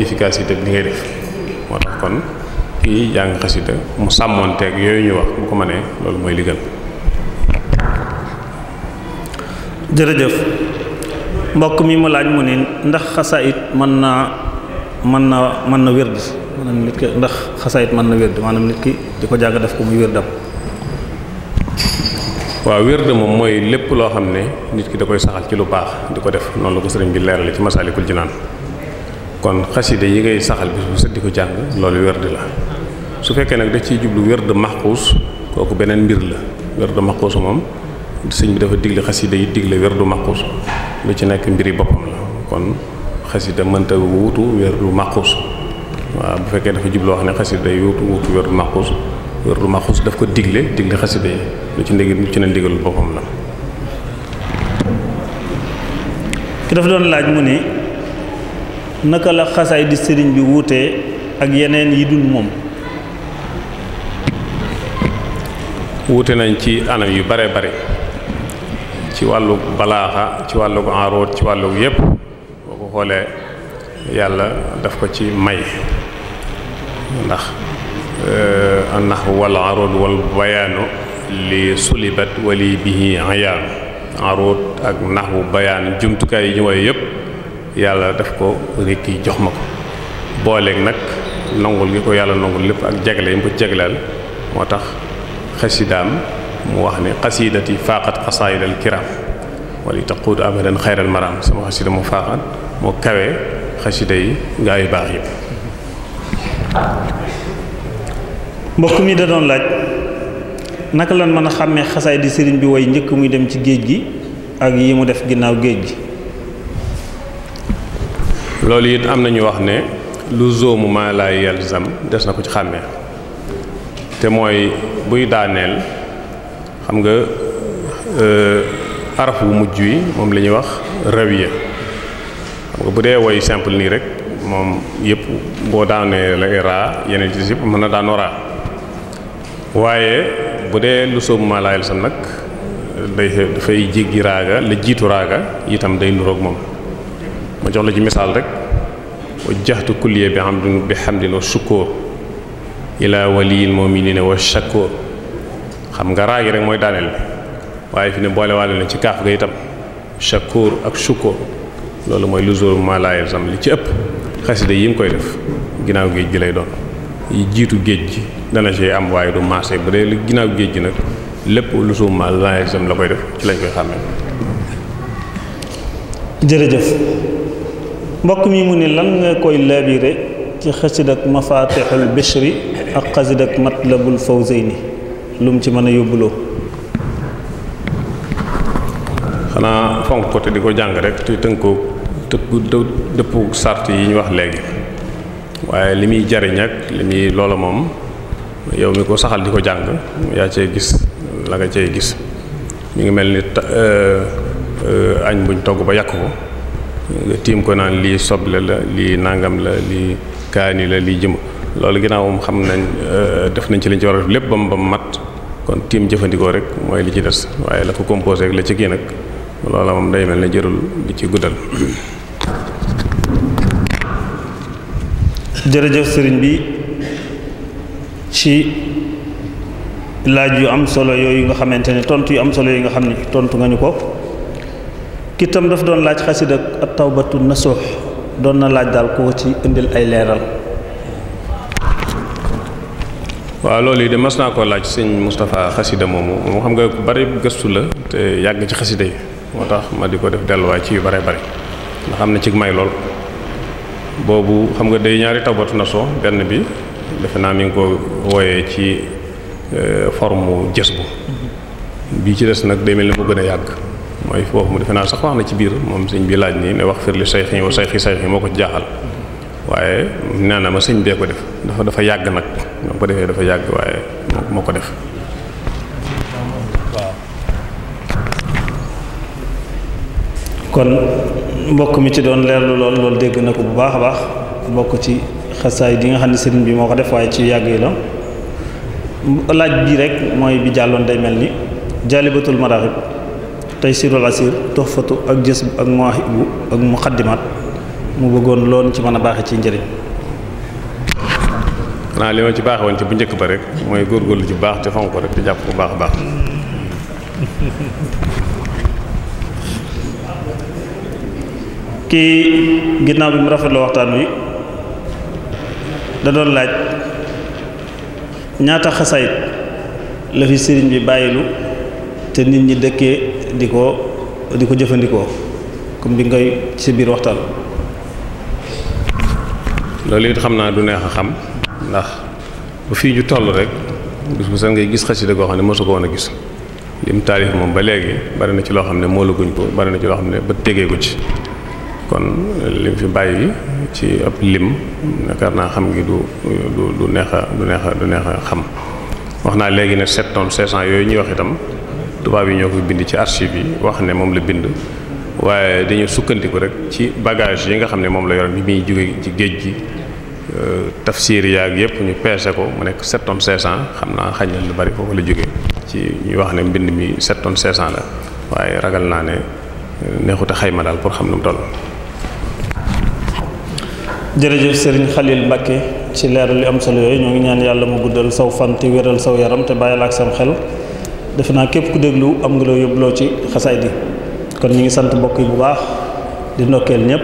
efficacité bi li ngay def motax kon ki jang xassida mu ak yoy ñu wax bu ko mané loolu moy ligël jërëjëf mbokk mi mu laaj mu ne ndax xasaayit man na man na man na wérd maanaam nit ki ndax xasaayit man na wérd maanaam nit ki di ko def ko muy wérdam waaw wérd moom mooy lépp loo xam ne nit ki da koy saxal ci lu baax di def noonu la ko sëriñ bi leerale ci masaalikul jinaan kon xasida yi ngay saxal bis bu set di ko jàng loolu wérd la su fekkee nag da ciy jublu wérd maxquus kooku beneen mbir la wérd maxquus moom sëñ bi dafa digle xasida yi digle wérdu maxquus lu ci nekk mbiri boppam la kon xasida mënta wuutu wérdu màquus waaw bu fekkee dafa jubloo xam ne xasida day wuutu wuutu wérdu màquus wérdu màquus daf ko digle digle xasida yi lu ci ndég lu ci ne ndigalul boppam la ki dafa doon laaj mu ni naka la xasaay di sëriñ bi wuutee ak yeneen yi dul moom wuute nañ ci anam yu bare bare ci wàllu balaaxa ci wàllu aaroot ci wàllu yépp boole yàlla daf ko ci may ndax annahu wal arud wal bayaanu li sulibat wali bihi ayaanu arud ak naxwu bayaan jumtukaay yi ñu woy yëpp yàlla daf ko rekki jox ma ko booleeg nag nangul gi ko yàlla nangul lépp ak jagle yi mu ko jagleel moo tax xasidaam mu wax ni qasidati faaqat xasaayid al kiram wali taquud abadan xayral maram sama xasida mu faaqat moo kawe xasida yi gaa yu baax yi mbokk mi da doon laaj naka lan mën a xàmmee xasaay di sëriñ bi woy njëkk muy dem ci géej gi ak yi mu def ginnaaw géej gi loolu it am na ñu wax ne lu zoomu maa laay yalzam des na ko ci xàmmee te mooy buy daaneel xam nga euh, araf wu mujj wi moom lañuy ñuy wax rawiya xam nga bu dee woy simple nii rek moom yëpp boo daanee la raa yeneen ci yëpp mën na daanoo raa waaye bu dee lu soobu maa laayal sa nag day dafay jéggi raaga la jiitu raaga itam day nuroog moom ma jox la ci misaal rek wa jaxtu kulliye bi xam hamdin bi hamdin wa sukkoor ila waliyil mu'minina wa shakkoor xam nga raagi rek mooy daaneel bi waaye fi ne boole waale na ci kaaf ga itam shakkoor ak sukkoor loolu mooy lu zóor ma laayal sam li ci ëpp xasida yi mu koy def ginnaaw géej gi lay doon jiitu géej gi dana ci am waaye du marché bu dee ginnaaw géej gi nag lépp lu zóor ma laayal la koy def ci lañ koy xàmmee. jërëjëf mbokk mi mu ni lan nga koy labiré ci xasida ak mafaatixul bishri ak xasida ak matlabul fawzayni lu mu ci mën a yóbbuloo xanaa fonk ko te di ko jàng rek te tënk dëppu dëppu sart yi ñu wax léegi waaye li muy jariñ ak li muy yow mi ko saxal di ko ya yaa cee gis la nga cee gis mi ngi mel ni euh, añ buñ togg ba yàq ko nga tiim ko naan lii soble la lii nangam la lii kaani la lii jëm loolu ginnaaw moom xam nañ euh, def nañ ci liñ ci war a def lépp mat kon tim jëfandikoo rek mooy li ci des waaye la ko composé ak la ci kii nag loola moom day mel jërul di ci guddal jërëjëf sëriñ bi ci laaj yu am solo yooyu nga xamante ni tontu yu am solo yi nga xam ne tontu nga ñu ko kitam daf doon laaj xasida ak tawbatu nasuux doon na laaj daal koo ci indil ay leeral waaw loolu yi de mas naa koo laaj sëñ Moustapha xasida moomu moom xam nga bari gëstu la te yàgg ci xasida yi moo tax ma di ko def delluwaay ci yu bare bare ndax am na cig may lool boobu xam nga day ñaari tawbatu naso benn bi defe naa mi ko wooyee ci euh, forme jës bu bii ci des nag de mel ni mu gën a yàgg mooy foofu mu defe naa sax wax na ci biir moom sëñ bi laaj nii ne wax firli sayxi wa sayxi sayxi moo ko jaaxal waaye nee na ma sëñ bee ko def dafa dafa yàgg nag moo ko defee dafa yàgg waaye moo ko def kon mbokk mi ci doon leerlu lool loolu dégg na ko bu baax a baax bokk ci xasaay di nga xam ne sëriñ bi moo ko def waaye ci yàgg yi la laaj bii rek mooy bi jàlloon day mel ni jaalibatul maraaxib taysirul asir toxfatu ak jës bu ak mawaahibu ak muqaddimaat mu bëggoon loon ci mën a baaxe ci njëriñ xanaa li ma ci baax woon ci bu njëkk ba rek mooy góorgóorlu ci baax te fonk ko rek te jàpp bu baax a baax kii ginnaaw bi mu rafetlu waxtaan wi dadoon laaj ñaata xasayit la fi sëriñ bi bàyyilu te nit ñi dëkkee di ko di ko jëfandikoo comme bi ngay si biir waxtaan loolu it xam naa du neex a xam ndax bu fii ju tollu rek bis bu sax ngay gis xasida goo xam ne mosu ko woon a gis lim taalif moom ba léegi bari na ci loo xam ne moolaguñ ko bari na ci loo xam ne ba tegeegu ci kon lim fi bàyyi ci ab lim yaakaar naa xam ngi du du du neex a du neex a neex a xam wax naa léegi ne sept tonnes yooyu ñuy wax itam tubaab yi ñoo ko bind ci archive bi wax ne moom la bind waaye dañu sukkandiku rek ci bagage yi nga xam ne moom la yoroon bi muy jóge ci géej gi euh, tafsir yaag yëpp ñu peese ko mu nekk sept tonnes cinq cent xam naa xañ na lu bari foofu la jóge ci ñuy wax ne mbind mi sept tonnes cent la waaye ragal naa ne euh, neexute a xayma daal pour xam nu mu toll jërëjëf Serigne Khalil Mbacke ci leeral li am solo yooyu ñoo ngi ñaan yàlla mu guddal saw fan te wéral saw yaram te bàyyi la ak sam xel defe naa képp ku déglu am nga loo yóbbuloo ci xasaay bi kon ñu ngi sant mbokk bu baax di ndokkeel ñëpp.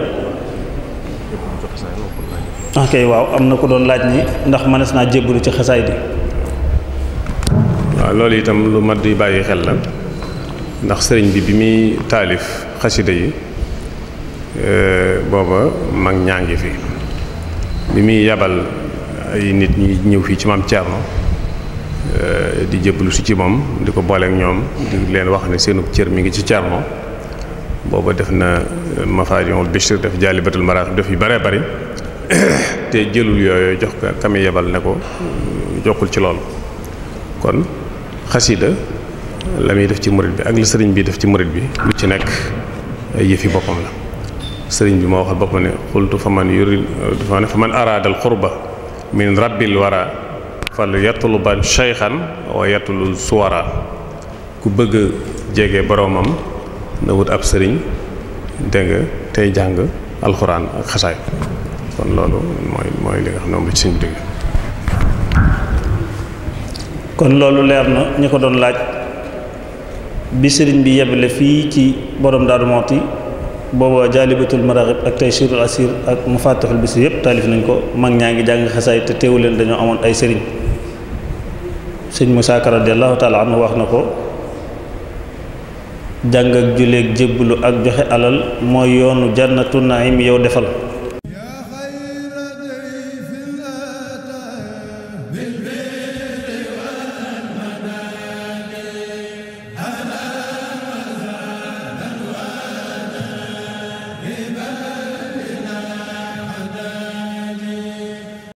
ok waaw am na ku doon laaj ni ndax manees naa jébbalu ci xasaay bi. waaw loolu itam lu mat di bàyyi xel la ndax sëriñ bi bi muy taalif xasida yi eh, booba mag ñaa ngi fi. bi muy yabal euh, ay nit ñi ñëw fii ci maam Thierno euh, di jëblu si ci moom di ko booleek ñoom di leen wax ne seenu cër mi ngi ci Thierno booba def na euh, Mafaariqul Bichri def Jaalibatul Maraaxib def yu bare bari te jëlul yooyu jox ko kami yebal ne ko jokkul ci loolu kon xasida la muy def ci murit bi ak la sëriñ bi def ci morit bi lu ci nekk yëfi boppam la sëriñ bi moo waxal boppam ne xultu fa man yurid dafa ne fa man araada al qurba min rabbil wara fal yatluban shaykhan wa ku bëgg a jege boroomam na wut ab sëriñ dégg tey jàng alxuraan ak xasaay kon loolu mooy mooy li nga xam ne moom ci sëriñ bi kon loolu leer na ñi ko doon laaj bi sëriñ bi yebale fii ci borom Daaru Muxti booba jaalibatul maraaxib ak taysirul asir ak mafatihul bisir yëpp taalif nañ ko mag ñaa ngi jàng xasaay te teewu leen dañoo amoon ay sëriñ sëñ Musaa Ka radiyallahu taala anhu wax na ko jàng ak julleeg jébbalu ak joxe alal mooy yoonu jannatu naim yow defal